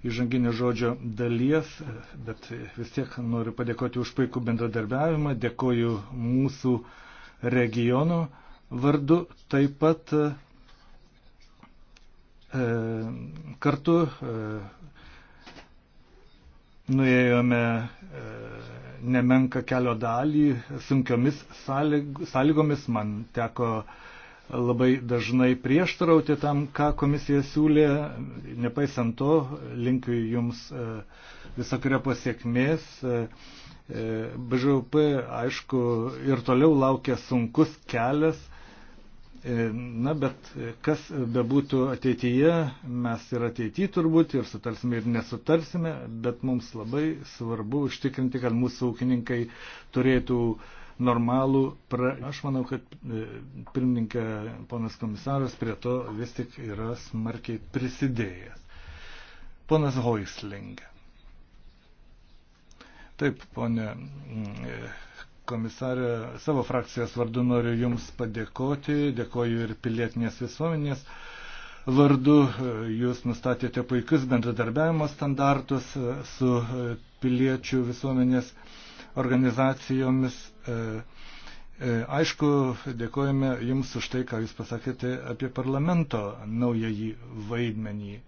įžanginio žodžio dalies, bet vis tiek noriu padėkoti už puikų bendradarbiavimą, dėkoju mūsų regiono vardu. Taip pat e, kartu e, nuėjome e, nemenka kelio dalį sunkiomis sąlygomis, man teko e, labai dažnai prieštarauti tam, ką komisija siūlė. Nepaisant to, linkiu Jums e, visokio pasiekmės. E, e, BŽUP, aišku, ir toliau laukia sunkus kelias. Na, bet kas bebūtų ateityje, mes ir ateityje turbūt ir sutarsime ir nesutarsime, bet mums labai svarbu užtikrinti, kad mūsų ūkininkai turėtų uh, normalų. Pra... Aš manau, kad e, pirmininkė ponas komisaras prie to vis tik yra smarkiai prisidėjęs. Ponas Hoisling. Taip, ponė mm, e, komisarė, savo frakcijos vardu noriu Jums padėkoti, dėkoju ir pilietinės visuomenės vardu e, jūs nustatėte puikius bendradarbiavimo standartus su piliečių visuomenės organizacijomis E, e, aišku, dėkojame Jums už tai, ką Jūs pasakėte apie parlamento naująjį vaidmenį. E,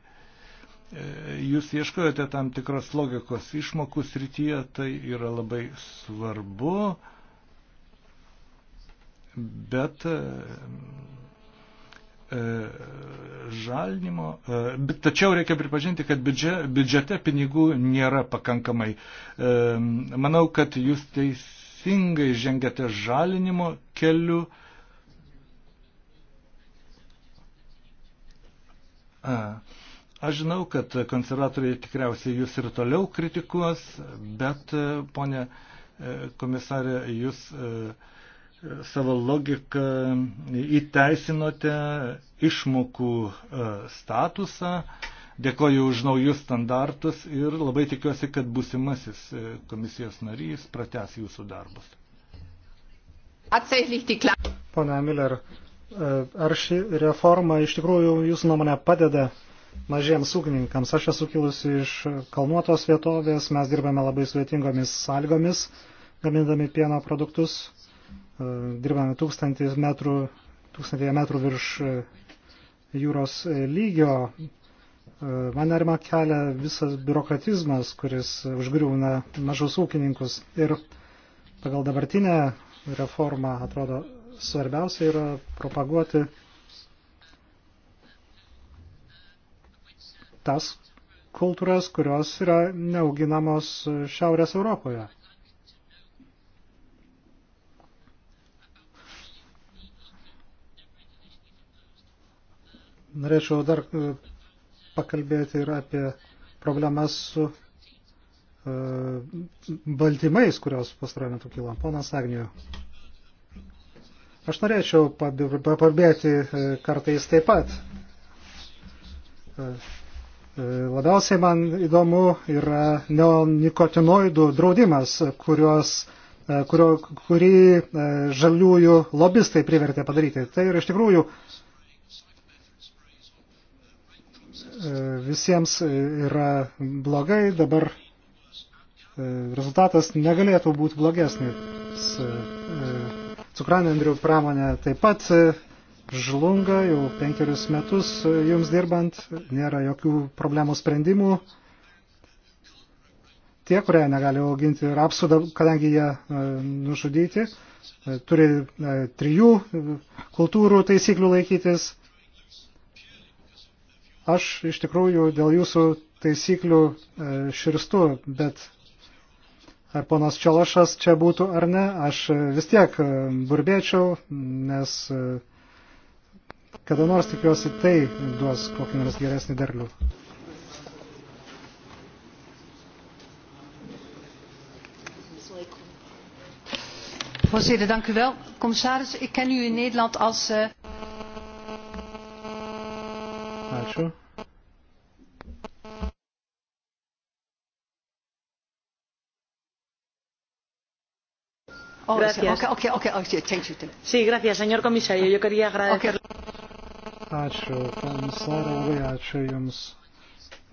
jūs ieškojate tam tikros logikos išmokų srityje, tai yra labai svarbu, bet žalinimo. Tačiau reikia pripažinti, kad biudžete pinigų nėra pakankamai. Manau, kad jūs teis, teisingai žengėte žalinimo keliu. A. Aš žinau, kad konservatoriai tikriausiai jūs ir toliau kritikuos, bet, e, ponė e, komisarė, jūs e, savo logiką įteisinote išmokų statusą Dėkoju už naujus standartus ir labai tikiuosi, kad busimasis e, komisijos narys pratęs jūsų darbus. Pone Miller, e, ar ši reforma iš tikrųjų jūsų nuomonė padeda mažiems ūkininkams? Aš esu kilusi iš kalnuotos vietovės, mes dirbame labai sudėtingomis sąlygomis, gamindami pieno produktus, e, dirbame tūkstantį metrų, tūkstantį metrų virš jūros lygio, E, man nerima kelia visas biurokratizmas, kuris užgriūna mažus ūkininkus. Ir pagal dabartinę reformą, atrodo, svarbiausia yra propaguoti tas kultūras, kurios yra neauginamos Šiaurės Europoje. Norėčiau dar e, pakalbėti ir apie problemas su e, baltymais, kurios pastarojame metu kilo. Ponas Agnijo. Aš norėčiau paparbėti e, kartais taip pat. E, labiausiai man įdomu yra neonikotinoidų draudimas, kurios, kurio, kurį žaliųjų lobistai privertė padaryti. Tai yra iš tikrųjų visiems yra blogai, dabar e, rezultatas negalėtų būti blogesnis. E, Cukranendrių pramonė taip pat e, žlunga jau penkerius metus jums dirbant, nėra jokių problemų sprendimų. Tie, kurie negali auginti rapsų, kadangi jie nužudyti, turi trijų kultūrų taisyklių laikytis Aš iš tikrųjų dėl jūsų taisyklių e, širstu, bet ar ponas Čelošas čia būtų ar ne, aš e, vis tiek e, burbėčiau, nes kada nors tikiuosi tai duos kokį nors geresnį derlių. Voorzitter, dank u wel. Commissaris, ik ken u in Nederland als... Uh... Ačiū. Oh, gracias. Okay, okay, okay, oh, thank you. Sí, gracias, señor comisario. Yo quería agradecer. Ačiū, komisarė, labai ačiū Jums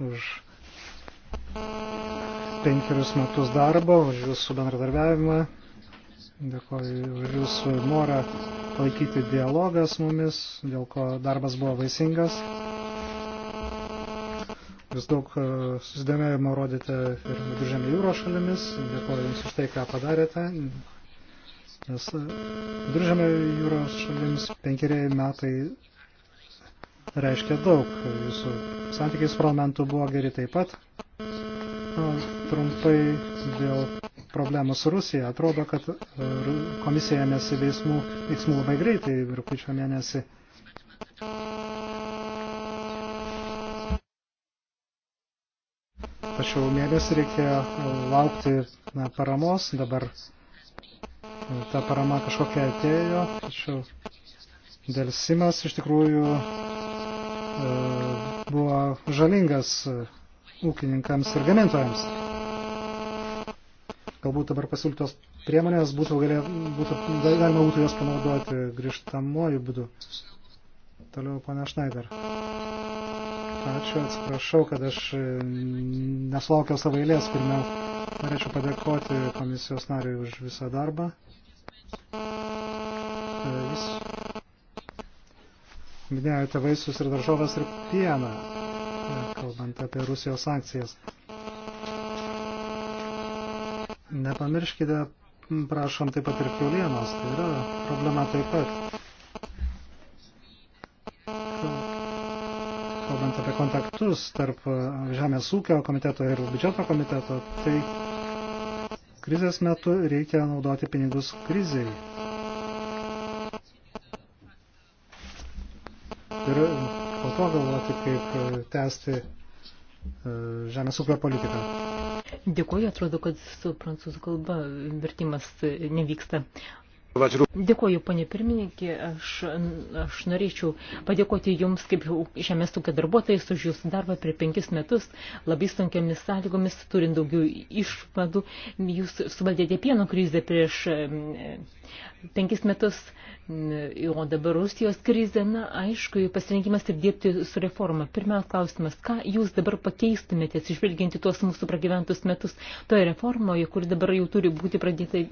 už penkerius metus darbo, už Jūsų bendradarbiavimą. Dėkoju už Jūsų norą palaikyti dialogą su mumis, dėl ko darbas buvo vaisingas. Jūs daug e, susidomėjimo rodėte ir viduržėmio jūros šalimis. Dėkuoju Jums už tai, ką padarėte. Nes e, viduržėmio jūros šalims penkeriai metai reiškia daug. Jūsų santykiai su parlamentu buvo geri taip pat. Na, trumpai dėl problemų su Rusija. Atrodo, kad e, komisija ėmėsi veiksmų labai greitai, rūpiučio mėnesį. tačiau mėnesį reikėjo e, laukti na, paramos, dabar e, ta parama kažkokia atėjo, tačiau dėlsimas iš tikrųjų e, buvo žalingas ūkininkams ir gamintojams. Galbūt dabar pasiūlytos priemonės būtų, galė, būtų galima būtų jas panaudoti grįžtamuoju būdu. Toliau pana Schneider. Ačiū, atsiprašau, kad aš e, nesulaukiau savo eilės, pirmiau norėčiau padėkoti komisijos nariui už visą darbą. E, Jūs minėjote vaisius ir daržovas ir pieną, e, kalbant apie Rusijos sankcijas. Nepamirškite, prašom, taip pat ir kiaulienos, tai yra problema taip pat. kontaktus tarp e, Žemės ūkio komiteto ir biudžeto komiteto, tai krizės metu reikia naudoti pinigus kriziai. Ir po to galvoti, kaip e, tęsti e, Žemės ūkio politiką. Dėkuoju, atrodo, kad su prancūzų kalba vertimas nevyksta. Dėkuoju, ponė pirmininkė. Aš, aš norėčiau padėkoti Jums, kaip žemės ūkio darbuotojais, už Jūsų darbą prie penkis metus, labai sunkiamis sąlygomis, turint daugiau išvadų. Jūs suvaldėte pieno krizę prieš penkis metus, o dabar Rusijos krizė, na, aišku, pasirinkimas ir dirbti su reforma. Pirmiausia klausimas, ką jūs dabar pakeistumėte, atsižvelginti tuos mūsų pragyventus metus toje reformoje, kuri dabar jau turi būti pradėta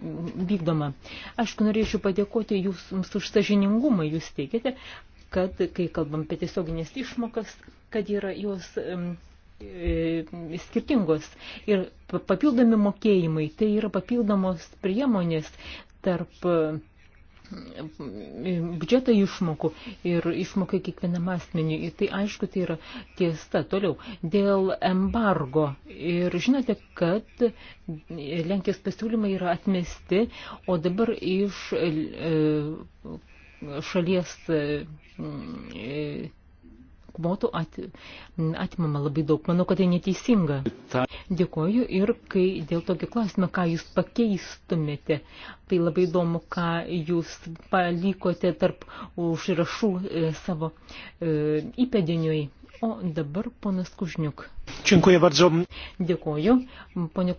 vykdoma. Aišku, norėčiau padėkoti jūs, jums už sažiningumą, jūs teikiate, kad, kai kalbam apie tiesioginės išmokas, kad yra jos um, skirtingos. Ir papildomi mokėjimai, tai yra papildomos priemonės tarp e, biudžeto išmokų ir išmokai kiekvienam asmeniui. Tai aišku, tai yra tiesa. Toliau, dėl embargo. Ir žinote, kad Lenkijos pasiūlymai yra atmesti, o dabar iš e, šalies e, kvotų at, atimama labai daug. Manau, kad tai neteisinga. Dėkoju ir kai dėl tokio klausimo, ką jūs pakeistumėte, tai labai įdomu, ką jūs palikote tarp užrašų e, savo e, įpėdiniui. O dabar ponas Kužniuk. Dziękuję bardzo. Dėkuoju. Pone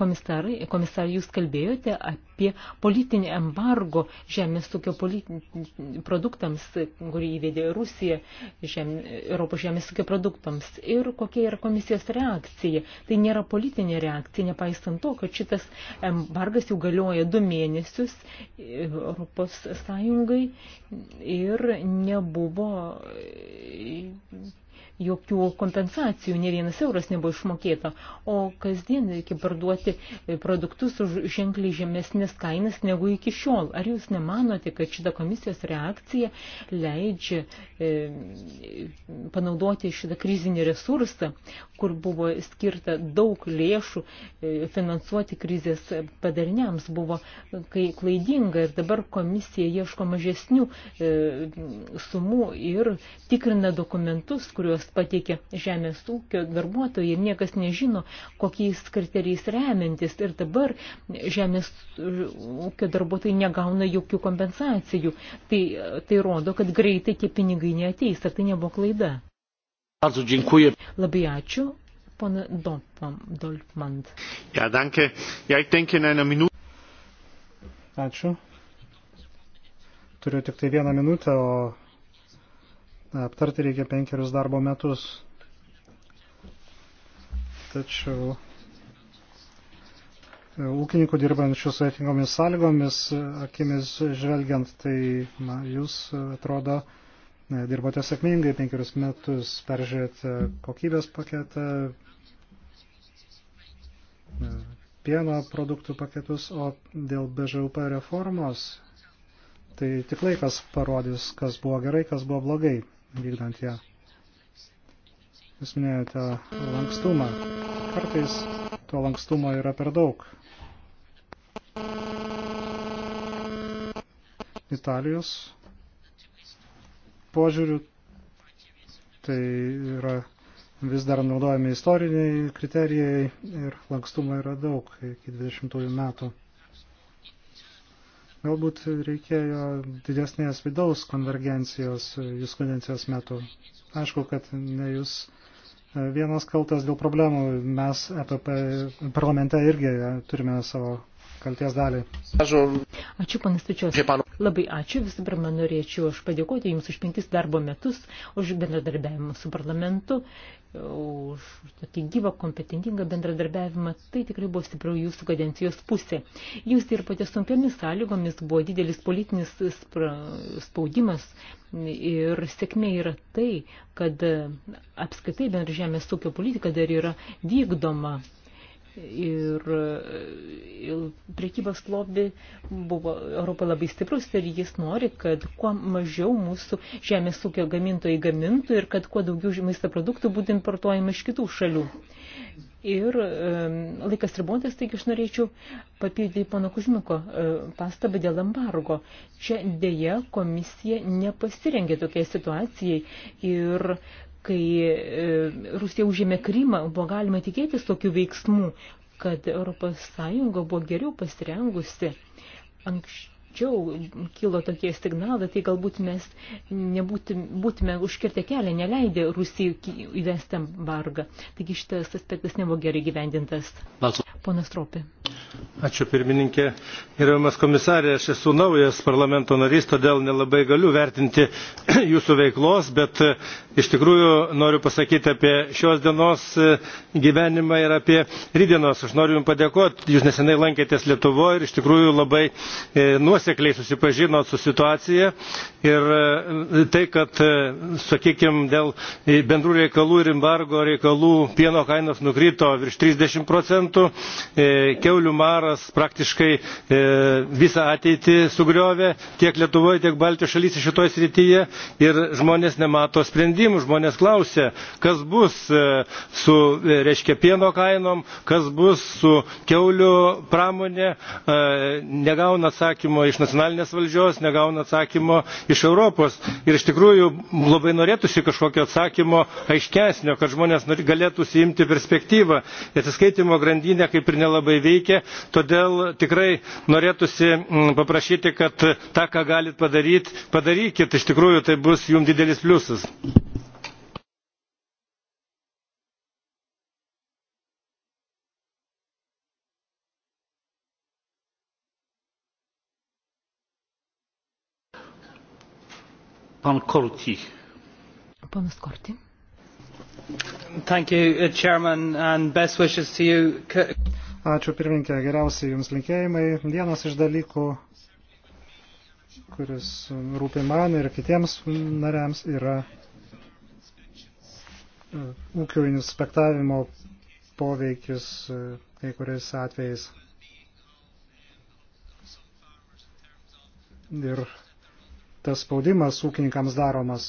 komisarai, komisar, jūs kalbėjote apie politinį embargo žemės ūkio produktams, kurį įvedė Rusija žem, Europos žemės ūkio produktams. Ir kokia yra komisijos reakcija? Tai nėra politinė reakcija, nepaisant to, kad šitas embargas jau galioja du mėnesius Europos Sąjungai ir nebuvo jokių kompensacijų, ne vienas euras nebuvo išmokėta, o kasdien reikia parduoti e, produktus už ženkliai žemesnės kainas negu iki šiol. Ar jūs nemanote, kad šita komisijos reakcija leidžia e, panaudoti šitą krizinį resursą, kur buvo skirta daug lėšų e, finansuoti krizės padariniams, buvo kai klaidinga ir dabar komisija ieško mažesnių e, sumų ir tikrina dokumentus, kuriuos patikė žemės ūkio darbuotojai ir niekas nežino, kokiais kriterijais remintis. Ir dabar žemės ūkio darbuotojai negauna jokių kompensacijų. Tai, tai rodo, kad greitai tie pinigai neateis. Ar tai nebuvo klaida? Bardzo dziękuję. Labai ačiū, pone Dolpmand. Ja, danke. Ja, ich denke, in einer Minute. Ačiū. Turiu tik tai vieną minutę, o aptarti reikia penkerius darbo metus. Tačiau e, ūkininkų dirbančių su etingomis sąlygomis, e, akimis žvelgiant, tai na, jūs e, atrodo dirbote sėkmingai penkerius metus, peržiūrėjote kokybės paketą, pieno produktų paketus, o dėl BŽUP reformos, tai tik laikas parodys, kas buvo gerai, kas buvo blogai vykdant ją. Jūs minėjote lankstumą. Kartais to lankstumo yra per daug. Italijos požiūrių tai yra vis dar naudojami istoriniai kriterijai ir lankstumo yra daug iki 20 metų. Galbūt reikėjo didesnės vidaus konvergencijos e, jūs kadencijos metu. Aišku, kad ne jūs e, vienas kaltas dėl problemų. Mes EPP parlamente irgi e, turime savo kalties dalį. Ačiū, panas Tučios. Labai ačiū. Visų pirma, norėčiau aš padėkoti Jums už penkis darbo metus, už bendradarbiavimą su parlamentu, už tokį gyvą, kompetentingą bendradarbiavimą. Tai tikrai buvo stipriau Jūsų kadencijos pusė. Jūs dirbote sunkiamis sąlygomis, buvo didelis politinis spaudimas. Ir sėkmė yra tai, kad apskaitai bendra žemės ūkio politika dar yra vykdoma ir e, priekybos lobby buvo Europa labai stiprus ir jis nori, kad kuo mažiau mūsų žemės ūkio gamintojai gamintų ir kad kuo daugiau maisto produktų būtų importuojama iš kitų šalių. Ir laikas ribotas, taigi aš norėčiau papildyti pono Kužmiko e, pastabą dėl embargo. Čia dėja komisija nepasirengė tokiai situacijai ir kai e, Rusija užėmė Krymą, buvo galima tikėtis tokių veiksmų, kad ES buvo geriau pasirengusi. Anks, anksčiau kilo tokie signalai, tai galbūt mes nebūtume užkirtę kelią, neleidę Rusijai įvesti embargą. Taigi šitas aspektas nebuvo gerai gyvendintas. Ponas Tropi. Ačiū pirmininkė. Gerbiamas komisarė, aš esu naujas parlamento narys, todėl nelabai galiu vertinti jūsų veiklos, bet e, iš tikrųjų noriu pasakyti apie šios dienos e, gyvenimą ir apie rydienos. Aš noriu Jums padėkoti, Jūs nesenai lankėtės Lietuvoje ir iš tikrųjų labai e, nuoširdžiai nuosekliai susipažino su situacija ir e, tai kad e, sakykime dėl bendrų reikalų ir embargo reikalų pieno kainos nukrito virš trisdešimt procentų e, kiaulių maras praktiškai visą ateitį sugriovė tiek lietuvoje tiek baltijos šalyse šitoje srityje ir žmonės nemato sprendimų žmonės klausia kas bus su reiškia pieno kainom kas bus su kiaulių pramone negauna atsakymo iš nacionalinės valdžios negauna atsakymo iš europos ir iš tikrųjų labai norėtųsi kažkokio atsakymo aiškesnio kad žmonės galėtų įsiimti perspektyvą atsiskaitymo grandinė kaip ir nelabai veikia todėl tikrai norėtųsi mm, paprašyti kad tą ką galite padaryti padarykit iš tikrųjų tai bus jums didelis pliusas. Pan Korti. Panas Korti. Thank you, uh, Chairman, and best wishes to you. Ačiū pirmininkė, geriausiai Jums linkėjimai. Vienas iš dalykų, kuris rūpi man ir kitiems nariams, yra uh, ūkio inspektavimo poveikis uh, kai kuriais atvejais. Ir tas spaudimas ūkininkams daromas.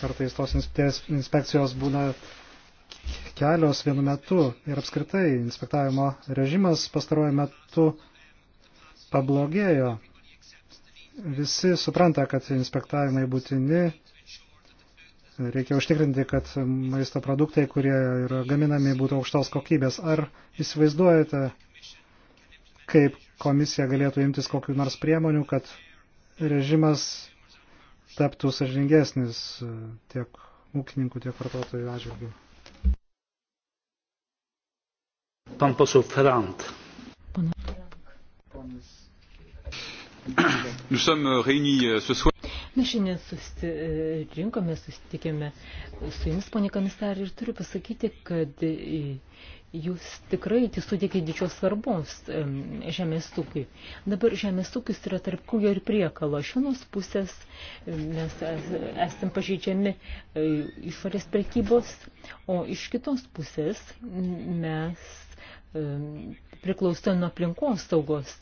Kartais tos inspekcijos būna kelios vienu metu ir apskritai inspektavimo režimas pastaruoju metu pablogėjo. Visi supranta, kad inspektavimai būtini. Reikia užtikrinti, kad maisto produktai, kurie yra gaminami, būtų aukštos kokybės. Ar įsivaizduojate, kaip komisija galėtų imtis kokiu nors priemonių, kad režimas taptų sažingesnis tiek ūkininkų, tiek vartotojų atžvilgių. Pan poseł Ferrand. Nous sommes réunis euh, ce soir. Na šiandien susirinkome, susitikėme su jumis, ponė komisarė, ir turiu pasakyti, kad jūs tikrai suteikė didžios svarbos žemės ūkiui. Dabar žemės ūkis yra tarp kūjo ir priekalo. Iš vienos pusės mes esam pažeidžiami e, išorės prekybos, o iš kitos pusės mes priklauso nuo aplinkos saugos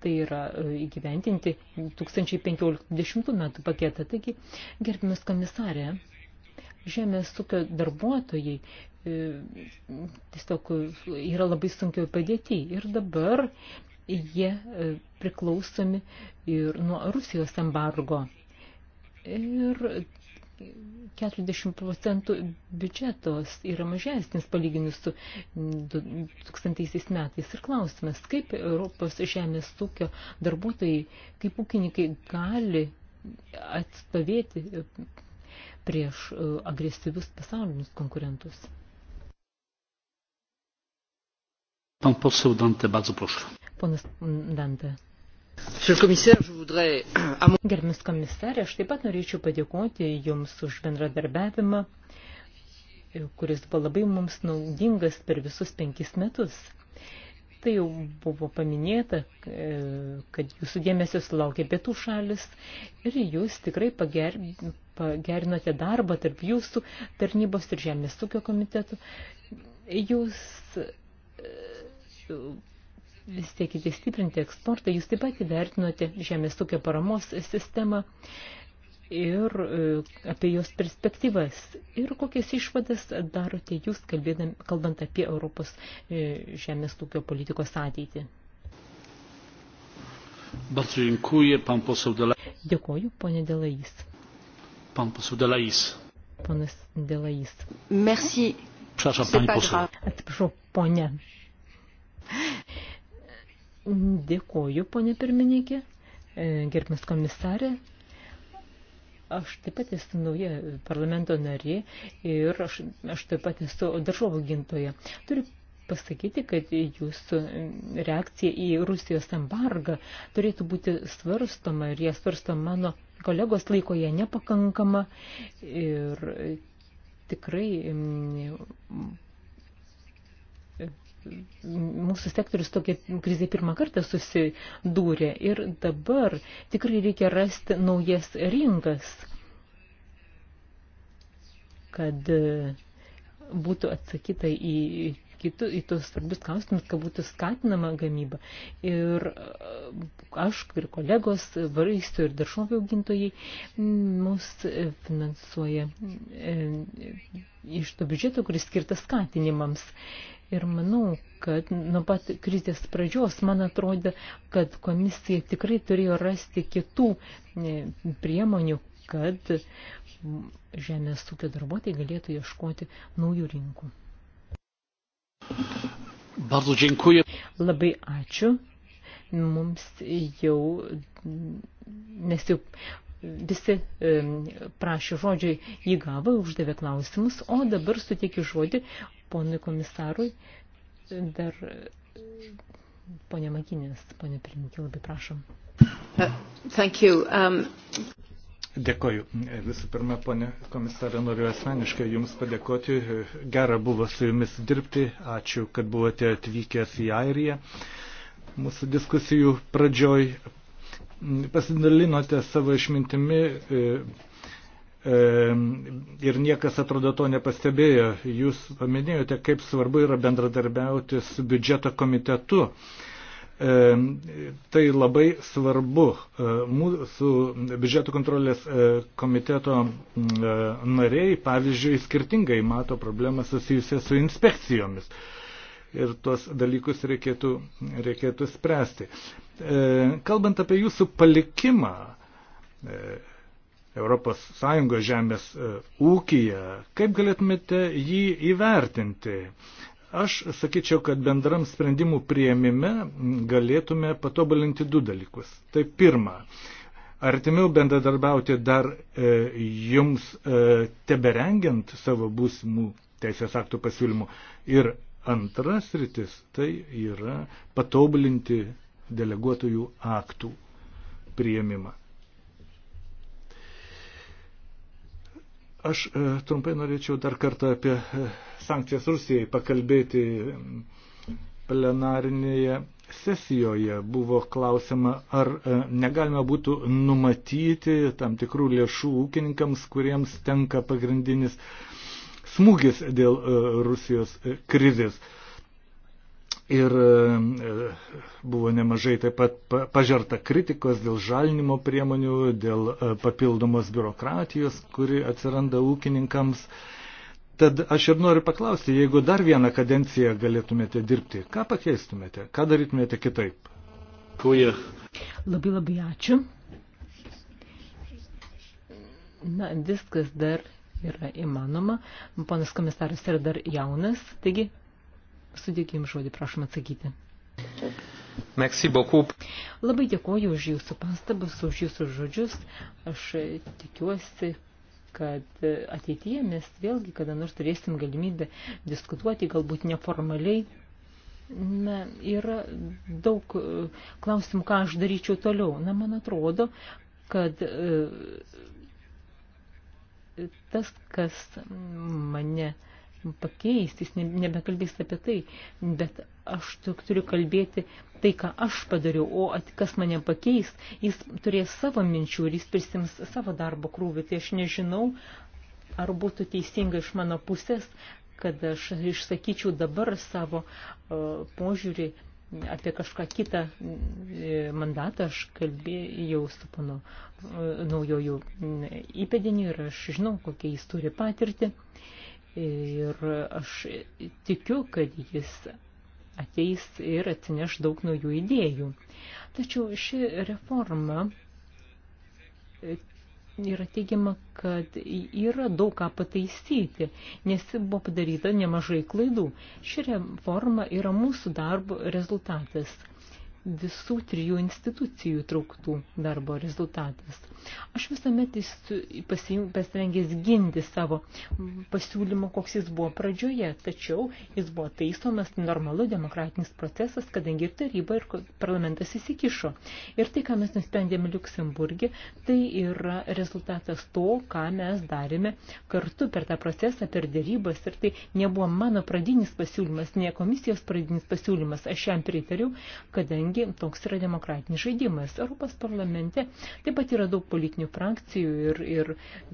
tai yra e, įgyventinti 2015 metų paketą. Taigi, gerbimas komisarė, žemės ūkio darbuotojai e, tiesiog yra labai sunkiau padėti. Ir dabar jie e, priklausomi ir nuo Rusijos embargo. Ir 40 procentų biudžetos yra mažesnis palyginus su 2000 metais. Ir klausimas, kaip Europos žemės ūkio darbuotojai, kaip ūkininkai gali atstovėti prieš e, agresyvius pasaulinius konkurentus. Pan poseł Dante, bardzo proszę. Ponas Dante. Gerbiamas komisarė, aš taip pat norėčiau padėkoti Jums už bendradarbiavimą, kuris buvo labai mums naudingas per visus penkis metus. Tai jau buvo paminėta, e, kad jūsų dėmesio sulaukė pietų šalis ir jūs tikrai pager, pagerinote darbą tarp jūsų tarnybos ir žemės ūkio komitetų. Jūs e, vis tiek įstiprinti eksportą, jūs taip pat įvertinote žemės ūkio paramos sistemą. E, ir e, apie jos perspektyvas. Ir kokias išvadas darote jūs, kalbėdam, kalbant apie Europos e, žemės ūkio politikos ateitį? Dėkoju, ponė Delais. Pan poseł Delais. Ponas Delais. Merci. Przepraszam, pani poseł. Atsiprašau, ponė. Dėkoju, ponė pirmininkė. E, Gerbimas komisarė, Aš taip pat esu nauja parlamento narė ir aš, aš taip pat esu daržovų gintoje. Turiu pasakyti, kad jūsų reakcija į Rusijos embargą turėtų būti svarstoma ir jie svarsto mano kolegos laiko ją nepakankama ir tikrai mm, mūsų sektorius tokia krizė pirmą kartą susidūrė ir dabar tikrai reikia rasti naujas rinkas, kad e, būtų atsakyta į, kitų, į tos svarbius klausimus, kad būtų skatinama gamyba. Ir e, aš ir kolegos, vaisių ir daržovių augintojai mus finansuoja e, iš to biudžeto, kuris skirtas skatinimams. Ir manau, kad nuo pat krizės pradžios man atrodo, kad komisija tikrai turėjo rasti kitų e, priemonių, kad žemės ūkio darbuotojai galėtų ieškoti naujų rinkų. Bardzo dziękuję. Labai ačiū. Mums jau, nes jau visi e, prašė žodžiai įgavo, uždavė klausimus, o dabar suteikiu žodį ponui komisarui. Dar ponė Maginės, ponė pirmininkė, labai prašom. Uh, thank you. Um... Dėkoju. Visų pirma, ponė komisarė, noriu asmeniškai Jums padėkoti. Gera buvo su Jumis dirbti. Ačiū, kad buvote atvykęs į Airiją. Mūsų diskusijų pradžioj pasidalinote savo išmintimi. E, ir niekas atrodo to nepastebėjo. Jūs paminėjote, kaip svarbu yra bendradarbiauti su biudžeto komitetu. Tai labai svarbu. E, Mūsų biudžeto kontrolės e, komiteto e, nariai, pavyzdžiui, skirtingai mato problemą susijusią su inspekcijomis. Ir tuos dalykus reikėtų, reikėtų spręsti. Kalbant apie jūsų palikimą, ES žemės e, ūkyje. Kaip galėtumėte jį įvertinti? Aš sakyčiau, kad bendram sprendimų prieimime galėtume patobulinti du dalykus. Tai pirma, artimiau bendradarbiauti dar e, jums e, teberengiant savo būsimų teisės aktų pasiūlymų. Ir antras rytis tai yra patobulinti deleguotojų aktų prieimimą. Aš e, trumpai norėčiau dar kartą apie e, sankcijas Rusijai pakalbėti plenarinėje sesijoje. Buvo klausima, ar e, negalima būtų numatyti tam tikrų lėšų ūkininkams, kuriems tenka pagrindinis smūgis dėl Rusijos krizės. Ir e, buvo nemažai taip pat pažerta kritikos dėl žalinimo priemonių, dėl e, papildomos biurokratijos, kuri atsiranda ūkininkams. Tad aš ir noriu paklausti, jeigu dar vieną kadenciją galėtumėte dirbti, ką pakeistumėte, ką darytumėte kitaip? Kuja. Labai labai ačiū. Na, viskas dar yra įmanoma. Ponas komisaras yra dar jaunas, taigi sudėkim žodį, prašom atsakyti. Merci beaucoup. Labai dėkoju už jūsų pastabas, už jūsų žodžius. Aš tikiuosi, kad ateityje mes vėlgi kada nors turėsim galimybę diskutuoti, galbūt neformaliai. Na, yra daug e, klausimų, ką aš daryčiau toliau. Na, man atrodo, kad e, tas, kas mane uh, pakeisti, jis nebekalbės apie tai, bet aš turiu kalbėti tai, ką aš padariau, o kas mane pakeis, jis turės savo minčių ir jis prisims savo darbo krūvį, tai aš nežinau, ar būtų teisinga iš mano pusės, kad aš išsakyčiau dabar savo uh, požiūrį apie kažką kitą e, mandatą aš kalbėjau su panu e, naujoju įpėdiniu ir aš žinau, kokią jis turi patirtį. Uh, Ir aš tikiu, kad jis ateis ir atsineš daug naujų idėjų. Tačiau ši reforma e, yra teigiama, kad yra daug ką pataisyti, nes buvo padaryta nemažai klaidų. Ši reforma yra mūsų darbo rezultatas visų trijų institucijų trauktų darbo rezultatas. Aš visuomet pasirengęs ginti savo pasiūlymą, koks jis buvo pradžioje, tačiau jis buvo taisomas normalu demokratinis procesas, kadangi ir taryba, ir parlamentas įsikišo. Ir tai, ką mes nusprendėme Luksemburgė, tai yra rezultatas to, ką mes darėme kartu per tą procesą, per dėrybas. Ir tai nebuvo mano pradinis pasiūlymas, ne komisijos pradinis pasiūlymas. Aš jam pritariu, kadangi kadangi toks yra demokratinis žaidimas. Europos parlamente taip pat yra daug politinių frakcijų ir,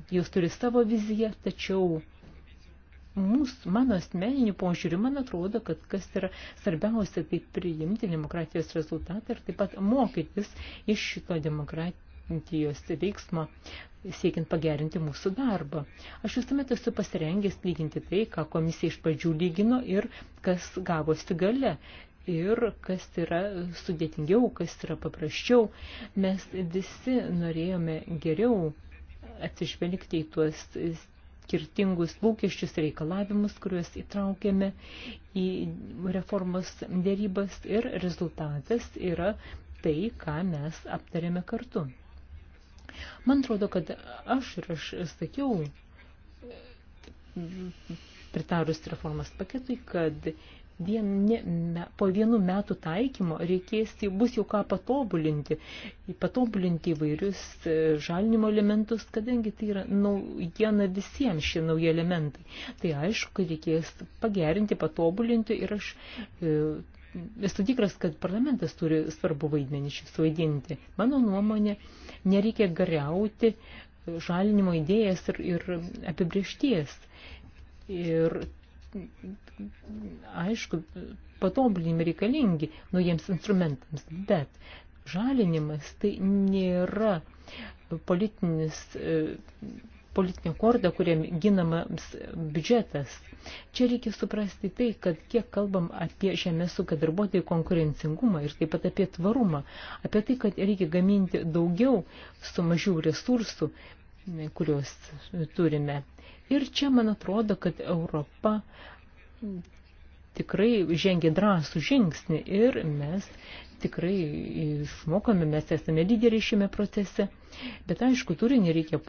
ir jos turi savo viziją, tačiau mūsų, mano asmeniniu požiūriu, man atrodo, kad kas yra svarbiausia, tai priimti demokratijos rezultatą ir taip pat mokytis iš šito demokratijos veiksmo, siekiant pagerinti mūsų darbą. Aš visuomet esu pasirengęs lyginti tai, ką komisija iš pradžių lygino ir kas gavosi gale ir kas yra sudėtingiau, kas yra paprasčiau. Mes visi norėjome geriau atsižvelgti į tuos skirtingus lūkesčius reikalavimus, kuriuos įtraukėme į reformos dėrybas ir rezultatas yra tai, ką mes aptarėme kartu. Man atrodo, kad aš ir aš sakiau, pritarus reformos paketui, kad vien, ne, po vienų metų taikymo reikės, bus jau ką patobulinti, patobulinti įvairius e, žalinimo elementus, kadangi tai yra naujiena visiems šie nauji elementai. Tai aišku, kad reikės pagerinti, patobulinti ir aš e, esu tikras, kad parlamentas turi svarbu vaidmenį šį suvaidinti. Mano nuomonė, nereikia gariauti e, žalinimo idėjas ir, ir apibriešties. Ir aišku, patobulinimai reikalingi naujiems instrumentams, bet žalinimas tai nėra politinis, e, politinė korda, kuriam ginamas biudžetas. Čia reikia suprasti tai, kad kiek kalbam apie žemės ūkio darbuotojų konkurencingumą ir taip pat apie tvarumą, apie tai, kad reikia gaminti daugiau su mažiau resursų, kuriuos turime. Ir čia man atrodo, kad Europa tikrai žengia drąsų žingsnį ir mes tikrai išmokame, mes esame lyderiai šiame procese. Bet aišku, turinį reikia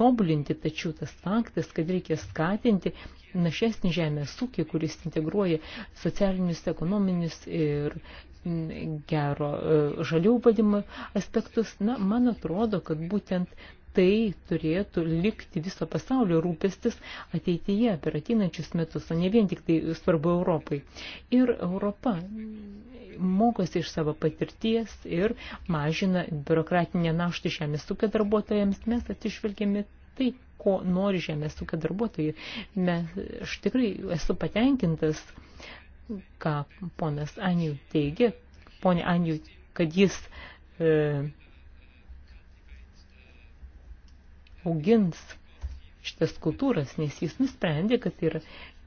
tobulinti, tačiau tas faktas, kad reikia skatinti našesnį žemės ūkį, kuris integruoja socialinius, ekonominius ir gero e, žalių vadimo aspektus, na, man atrodo, kad būtent tai turėtų likti viso pasaulio rūpestis ateityje per ateinančius metus, o ne vien tik tai svarbu Europai. Ir Europa mokosi iš savo patirties ir mažina biurokratinę naštą žemės ūkio darbuotojams. Mes atsižvelgėme tai, ko nori žemės ūkio darbuotojai. Mes, aš tikrai esu patenkintas, ką ponas Anijų teigia, ponė Anijų, kad jis e, augins šitas kultūras, nes jis nusprendė, kad tai yra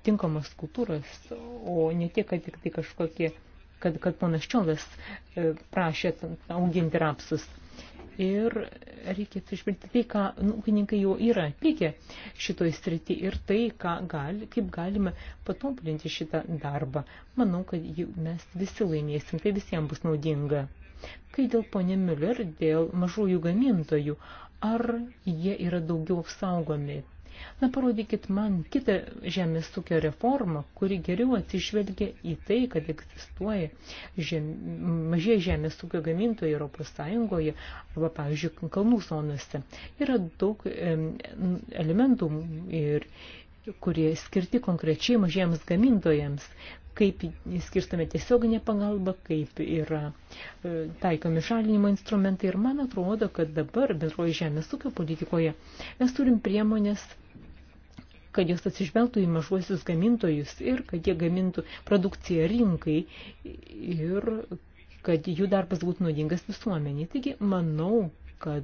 tinkamas kultūras, o ne tiek, kad tik tai kažkokie, kad, kad ponas Čiolas e, prašė auginti rapsus. Ir reikia atsižvelgti tai, ką nu, ūkininkai nu, jau yra atlikę šitoj srity ir tai, gali, kaip galime patobulinti šitą darbą. Manau, kad mes visi laimėsim, tai visiems bus naudinga. Kai dėl ponė Miller, dėl mažųjų gamintojų, ar jie yra daugiau apsaugomi. Na, parodykit man kitą žemės ūkio reformą, kuri geriau atsižvelgia į tai, kad egzistuoja žem, mažie žemės ūkio gamintojai Europos Sąjungoje arba, pavyzdžiui, kalnų zonose. Yra daug e, elementų ir kurie skirti konkrečiai mažiems gamintojams kaip skirstame tiesioginę pagalbą, kaip yra e, taikomi šalinimo instrumentai. Ir man atrodo, kad dabar bendroji žemės ūkio politikoje mes turim priemonės kad jos atsižvelgtų į mažuosius gamintojus ir kad jie gamintų produkciją rinkai ir kad jų darbas būtų naudingas visuomeniai. Taigi, manau, kad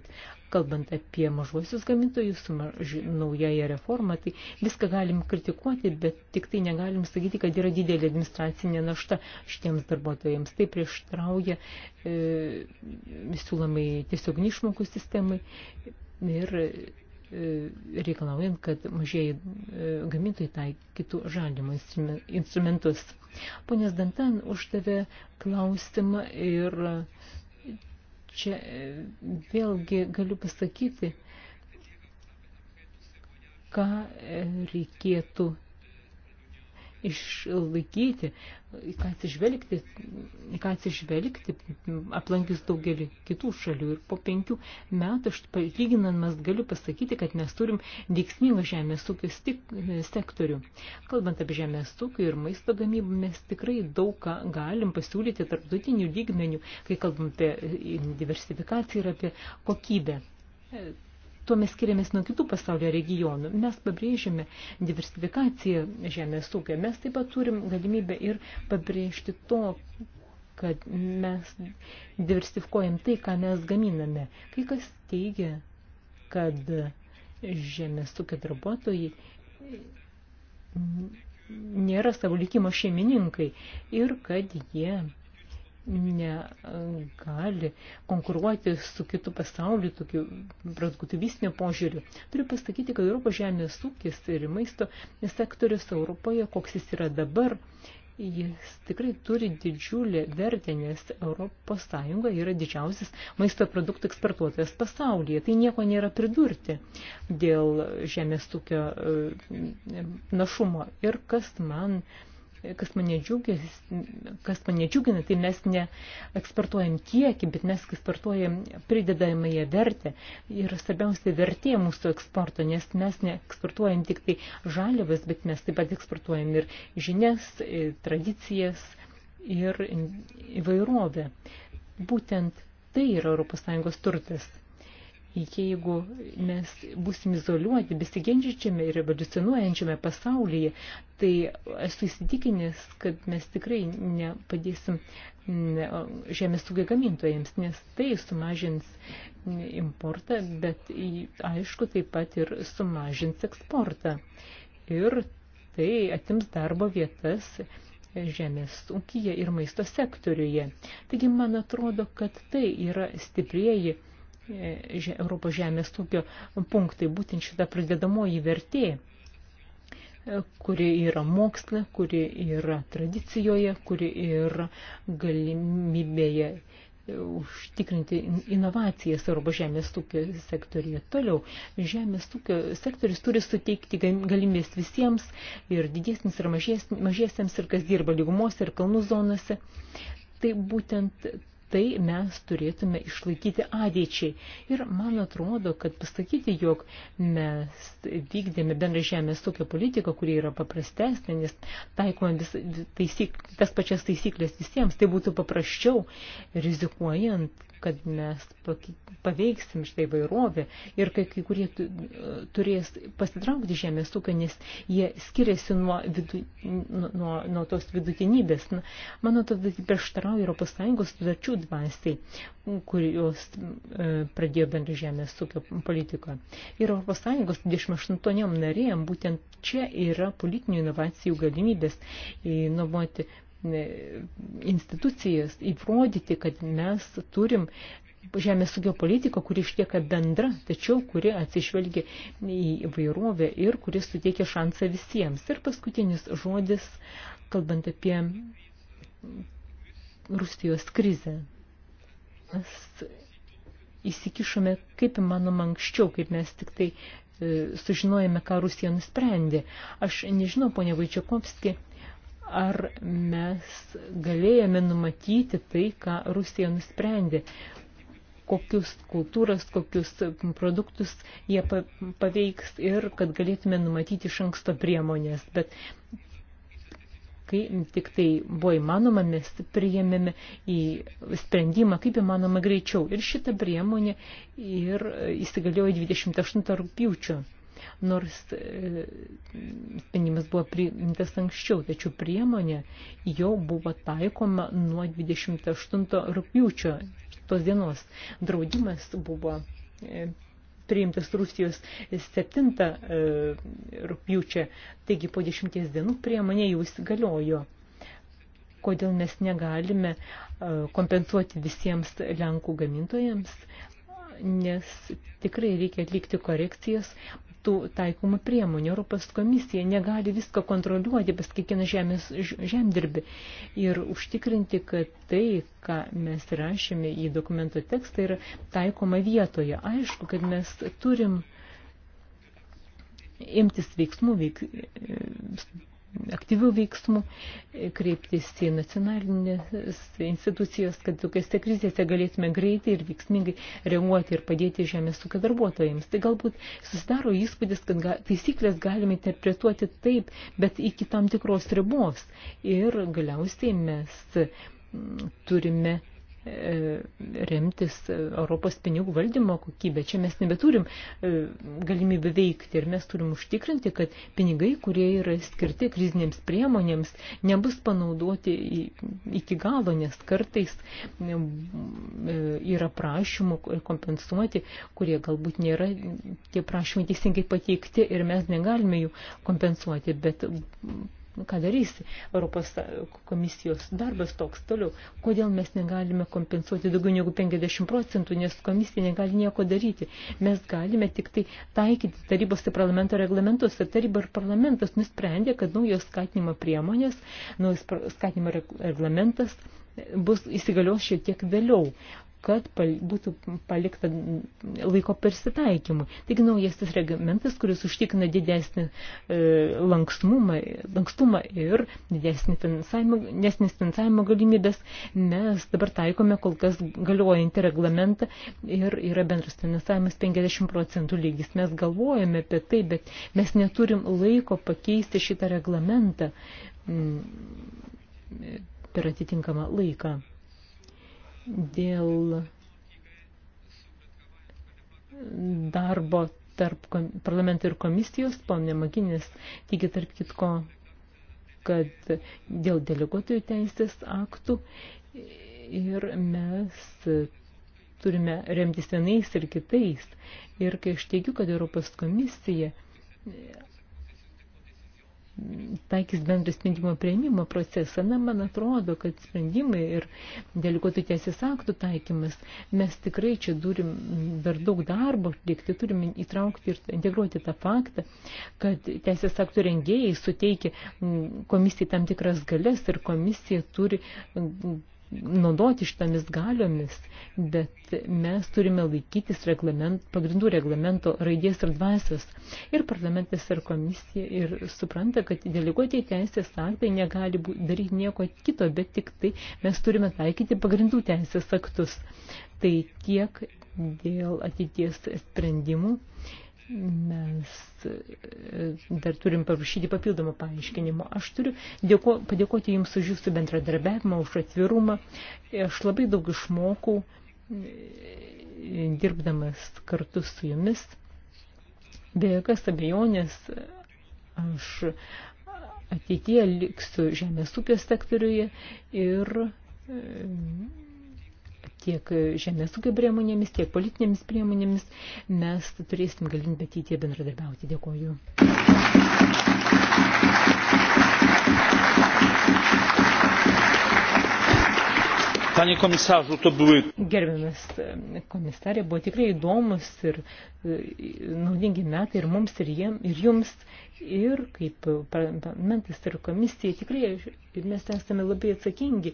kalbant apie mažuosius gamintojus su maž... naujaja reforma, tai viską galim kritikuoti, bet tik tai negalim sakyti, kad yra didelė administracinė našta šitiems darbuotojams. Tai prieštrauja e, siūlomai tiesiog nišmokų sistemai ir e, reikalaujant, kad mažieji e, gamintojai taikytų žalimo instrumentus. Ponės Dantan uždavė klausimą ir čia vėlgi galiu pasakyti, ką reikėtų išlaikyti, į ką atsižvelgti, į ką atsižvelgti aplankys daugelį kitų šalių. Ir po penkių metų, lyginamas, galiu pasakyti, kad mes turim veiksmingą žemės ūkio sektorių. Kalbant apie žemės ūkį ir maisto gamybą, mes tikrai daug ką galim pasiūlyti tarptautinių lygmenių, kai kalbam apie diversifikaciją ir apie kokybę tuo mes skiriamės nuo kitų pasaulio regionų. Mes pabrėžime diversifikaciją žemės ūkio. Mes taip pat turim galimybę ir pabrėžti to, kad mes diversifikuojam tai, ką mes gaminame. Kai kas teigia, kad žemės ūkio darbuotojai nėra savo likimo šeimininkai ir kad jie negali konkuruoti su kitu pasauliu, tokiu produktyvistinio požiūriu. Turiu pasakyti, kad Europos žemės ūkis ir maisto sektorius Europoje, koks jis yra dabar, jis tikrai turi didžiulį vertę, nes Europos Sąjunga yra didžiausias maisto produktų eksportuotojas pasaulyje. Tai nieko nėra pridurti dėl žemės ūkio e, našumo. Ir kas man uh, kas mane, džiugina, kas mane džiugina, tai mes ne eksportuojam kiekį, bet mes eksportuojam pridedamąją vertę. Ir svarbiausia vertė mūsų eksporto, nes mes ne eksportuojam tik tai žaliavas, bet mes taip pat eksportuojam ir žinias, ir tradicijas ir įvairovę. Būtent tai yra ES turtas jeigu mes būsim izoliuoti besigenčiame ir evoliucionuojančiame pasaulyje, tai esu įsitikinęs, kad mes tikrai nepadėsim žemės ūkio gamintojams, nes tai sumažins importą, bet aišku taip pat ir sumažins eksportą. Ir tai atims darbo vietas žemės ūkyje ir maisto sektoriuje. Taigi, man atrodo, kad tai yra stiprieji E, Europos žemės ūkio punktai, būtent šita pradėdamoji vertė, e, kuri yra moksle, kuri yra tradicijoje, kuri yra galimybėje e, užtikrinti inovacijas Europos žemės ūkio sektoriuje. Toliau, žemės ūkio sektorius turi suteikti galimės visiems ir didesnis ir mažies, mažiesiems ir kas dirba lygumose ir kalnų zonose. Tai būtent tai mes turėtume išlaikyti ateičiai. Ir man atrodo, kad pasakyti, jog mes vykdėme bendrą žemės tokią politiką, kuri yra paprastesnė, nes taikome vis, taisyk, tas pačias taisyklės visiems, tai būtų paprasčiau rizikuojant kad mes paveiksim štai vairovę ir kai, kai kurie turės pasitraukti žemės ūkio, nes jie skiriasi nuo, vidu, nuo, nuo tos vidutinybės. Na, man atrodo, tai prieštarauja Europos Sąjungos sudarčių dvasiai, kurios e, pradėjo bendrą žemės ūkio politiką. Ir Europos Sąjungos 28 narėjom būtent čia yra politinių inovacijų galimybės įnovuoti institucijas įrodyti, kad mes turim žemės ūkio politiką, kuri išlieka bendra, tačiau kuri atsižvelgia į vairovę ir kuri suteikia šansą visiems. Ir paskutinis žodis, kalbant apie Rusijos krizę. Mes įsikišome kaip įmanoma anksčiau, kaip mes tik tai e, sužinojame, ką Rusija nusprendė. Aš nežinau, ponia Vaičiakovski, ar mes galėjome numatyti tai, ką Rusija nusprendė kokius kultūras, kokius produktus jie paveiks ir kad galėtume numatyti iš anksto priemonės. Bet kai tik tai buvo įmanoma, mes priėmėme į sprendimą, kaip įmanoma greičiau. Ir šita priemonė ir įsigaliojo 28 rūpjūčio nors e, sprendimas buvo priimtas anksčiau, tačiau priemonė jau buvo taikoma nuo 28 rūpjūčio tos dienos. Draudimas buvo e, priimtas Rusijos 7 e, rūpjūčio, taigi po 10 dienų priemonė jau įsigaliojo kodėl mes negalime kompensuoti visiems Lenkų gamintojams, nes tikrai reikia atlikti korekcijas tų taikomų priemonių. Europos komisija negali viską kontroliuoti, pas kiekvieną žemės žemdirbį ir užtikrinti, kad tai, ką mes rašėme į dokumento tekstą, yra taikoma vietoje. Aišku, kad mes turim imtis veiksmų, veik, aktyvių veiksmų, kreiptis į nacionalinės institucijos, kad tokiuose krizėse galėtume greitai ir veiksmingai reaguoti ir padėti žemės ūkio darbuotojams. Tai galbūt susidaro įspūdis, kad ga, taisyklės galime interpretuoti taip, bet iki tam tikros ribos. Ir galiausiai mes turime remtis Europos pinigų valdymo kokybę. Čia mes nebeturim e, galimybę veikti ir mes turim užtikrinti, kad pinigai, kurie yra skirti krizinėms priemonėms, nebus panaudoti iki galo, nes kartais e, yra prašymų kompensuoti, kurie galbūt nėra tie prašymai teisingai pateikti ir mes negalime jų kompensuoti, bet ką darys Europos komisijos darbas toks toliau. Kodėl mes negalime kompensuoti daugiau negu 50 procentų, nes komisija negali nieko daryti. Mes galime tik tai taikyti tarybos ir parlamento reglamentus. Ir taryba ir parlamentas nusprendė, kad naujos skatinimo priemonės, naujos skatinimo reglamentas bus įsigalios šiek tiek vėliau kad pal būtų palikta laiko persitaikymui. Taigi naujasis reglamentas, kuris užtikrina didesnį e, lankstumą, lankstumą ir didesnį finansavimo, nesnis finansavimo galimybės, mes dabar taikome kol kas galiojantį reglamentą ir yra bendras finansavimas 50 procentų lygis. Mes galvojame apie tai, bet mes neturim laiko pakeisti šitą reglamentą mm, per atitinkamą laiką dėl darbo tarp parlamento ir komisijos, ponė Maginis tiki tarp kitko, kad dėl deleguotojų teisės aktų ir mes turime remtis vienais ir kitais. Ir kai aš teigiu, kad Europos komisija taikys bendrą sprendimo prieimimo procesą. Na, man atrodo, kad sprendimai ir delikuotų teisės aktų taikymas, mes tikrai čia turim dar daug darbo atlikti, turim įtraukti ir integruoti tą faktą, kad teisės aktų rengėjai suteikia mm, komisijai tam tikras galės ir komisija turi naudoti šitomis galiomis, bet mes turime laikytis reglament, pagrindų reglamento raidės ir dvasios. Ir parlamentas ir komisija ir supranta, kad deleguoti teisės aktai negali daryti nieko kito, bet tik tai mes turime taikyti pagrindų teisės aktus. Tai tiek dėl ateities sprendimų mes e, dar turim paprašyti papildomą paaiškinimą. Aš turiu dėko, padėkoti Jums už Jūsų bendradarbiavimą, už atvirumą. Aš labai daug išmokau e, dirbdamas kartu su Jumis. Be jokios abejonės aš ateityje liksiu žemės ūkio sektoriuje ir e, tiek žemės ūkio priemonėmis, tiek politinėmis priemonėmis mes turėsim galimybę ateityje bendradarbiauti. Dėkuoju. Panie komisarzu, to były. Gerbiamas e, komisarė, buvo tikrai įdomus ir e, naudingi metai ir mums, ir, jiem, ir jums, ir kaip parlamentas ir komisija tikrai ir mes esame labai atsakingi,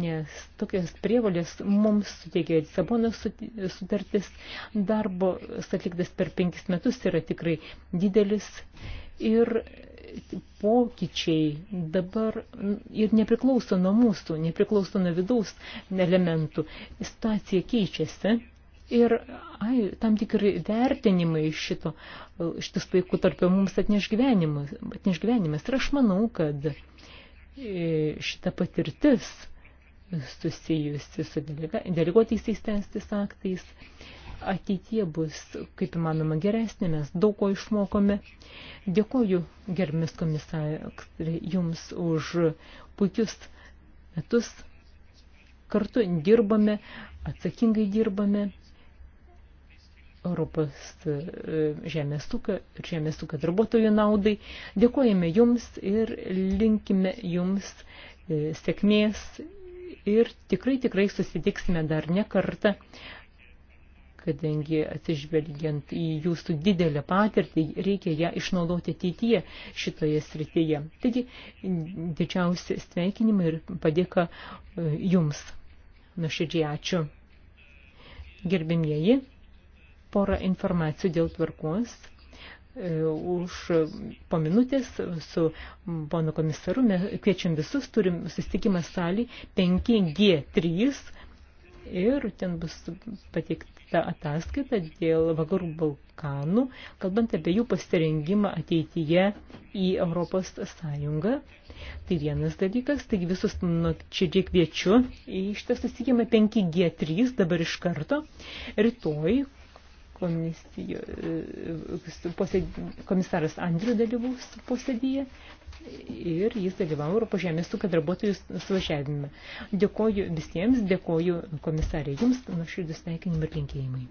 nes tokias prievalės mums suteikia Lisabonos sutartis, darbas atliktas per penkis metus yra tikrai didelis ir pokyčiai dabar ir nepriklauso nuo mūsų, nepriklauso nuo vidaus elementų. Situacija keičiasi ir ai, tam tikri vertinimai šito, šitas vaikų tarpio mums atneš gyvenimas, atneš gyvenimas. Ir aš manau, kad e, šita patirtis susijusi su deleguotaisiais teisės aktais, ateitie bus kaip įmanoma geresnė, mes daug ko išmokome. Dėkoju, gerbimis komisarė, jums už puikius metus. Kartu dirbame, atsakingai dirbame. Europos e, žemės ūkio ir žemės ūkio darbuotojų naudai. Dėkojame jums ir linkime jums e, sėkmės ir tikrai, tikrai susitiksime dar ne kartą kadangi atsižvelgiant į jūsų didelę patirtį, reikia ją išnaudoti ateityje šitoje srityje. Taigi, didžiausi sveikinimai ir padėka e, jums. Nuširdžiai ačiū. Gerbimieji, porą informacijų dėl tvarkos e, už po minutės su ponu komisaru. Mes kviečiam visus, turim susitikimą salį 5G3 ir ten bus pateikt parengta ataskaita dėl Vakarų Balkanų, kalbant apie jų pasirengimą ateityje į Europos Sąjungą. Tai vienas dalykas, taigi visus nu, čia tiek kviečiu į šitą susitikimą 5G3 dabar iš karto, rytoj komisijo, e, e, komisaras Andriu dalyvaus posėdyje, ir jis dalyvavo Europos žemės ūkio darbuotojų suvažiavime. Dėkoju visiems, dėkoju komisarė jums, nuoširdus sveikinimai ir linkėjimai.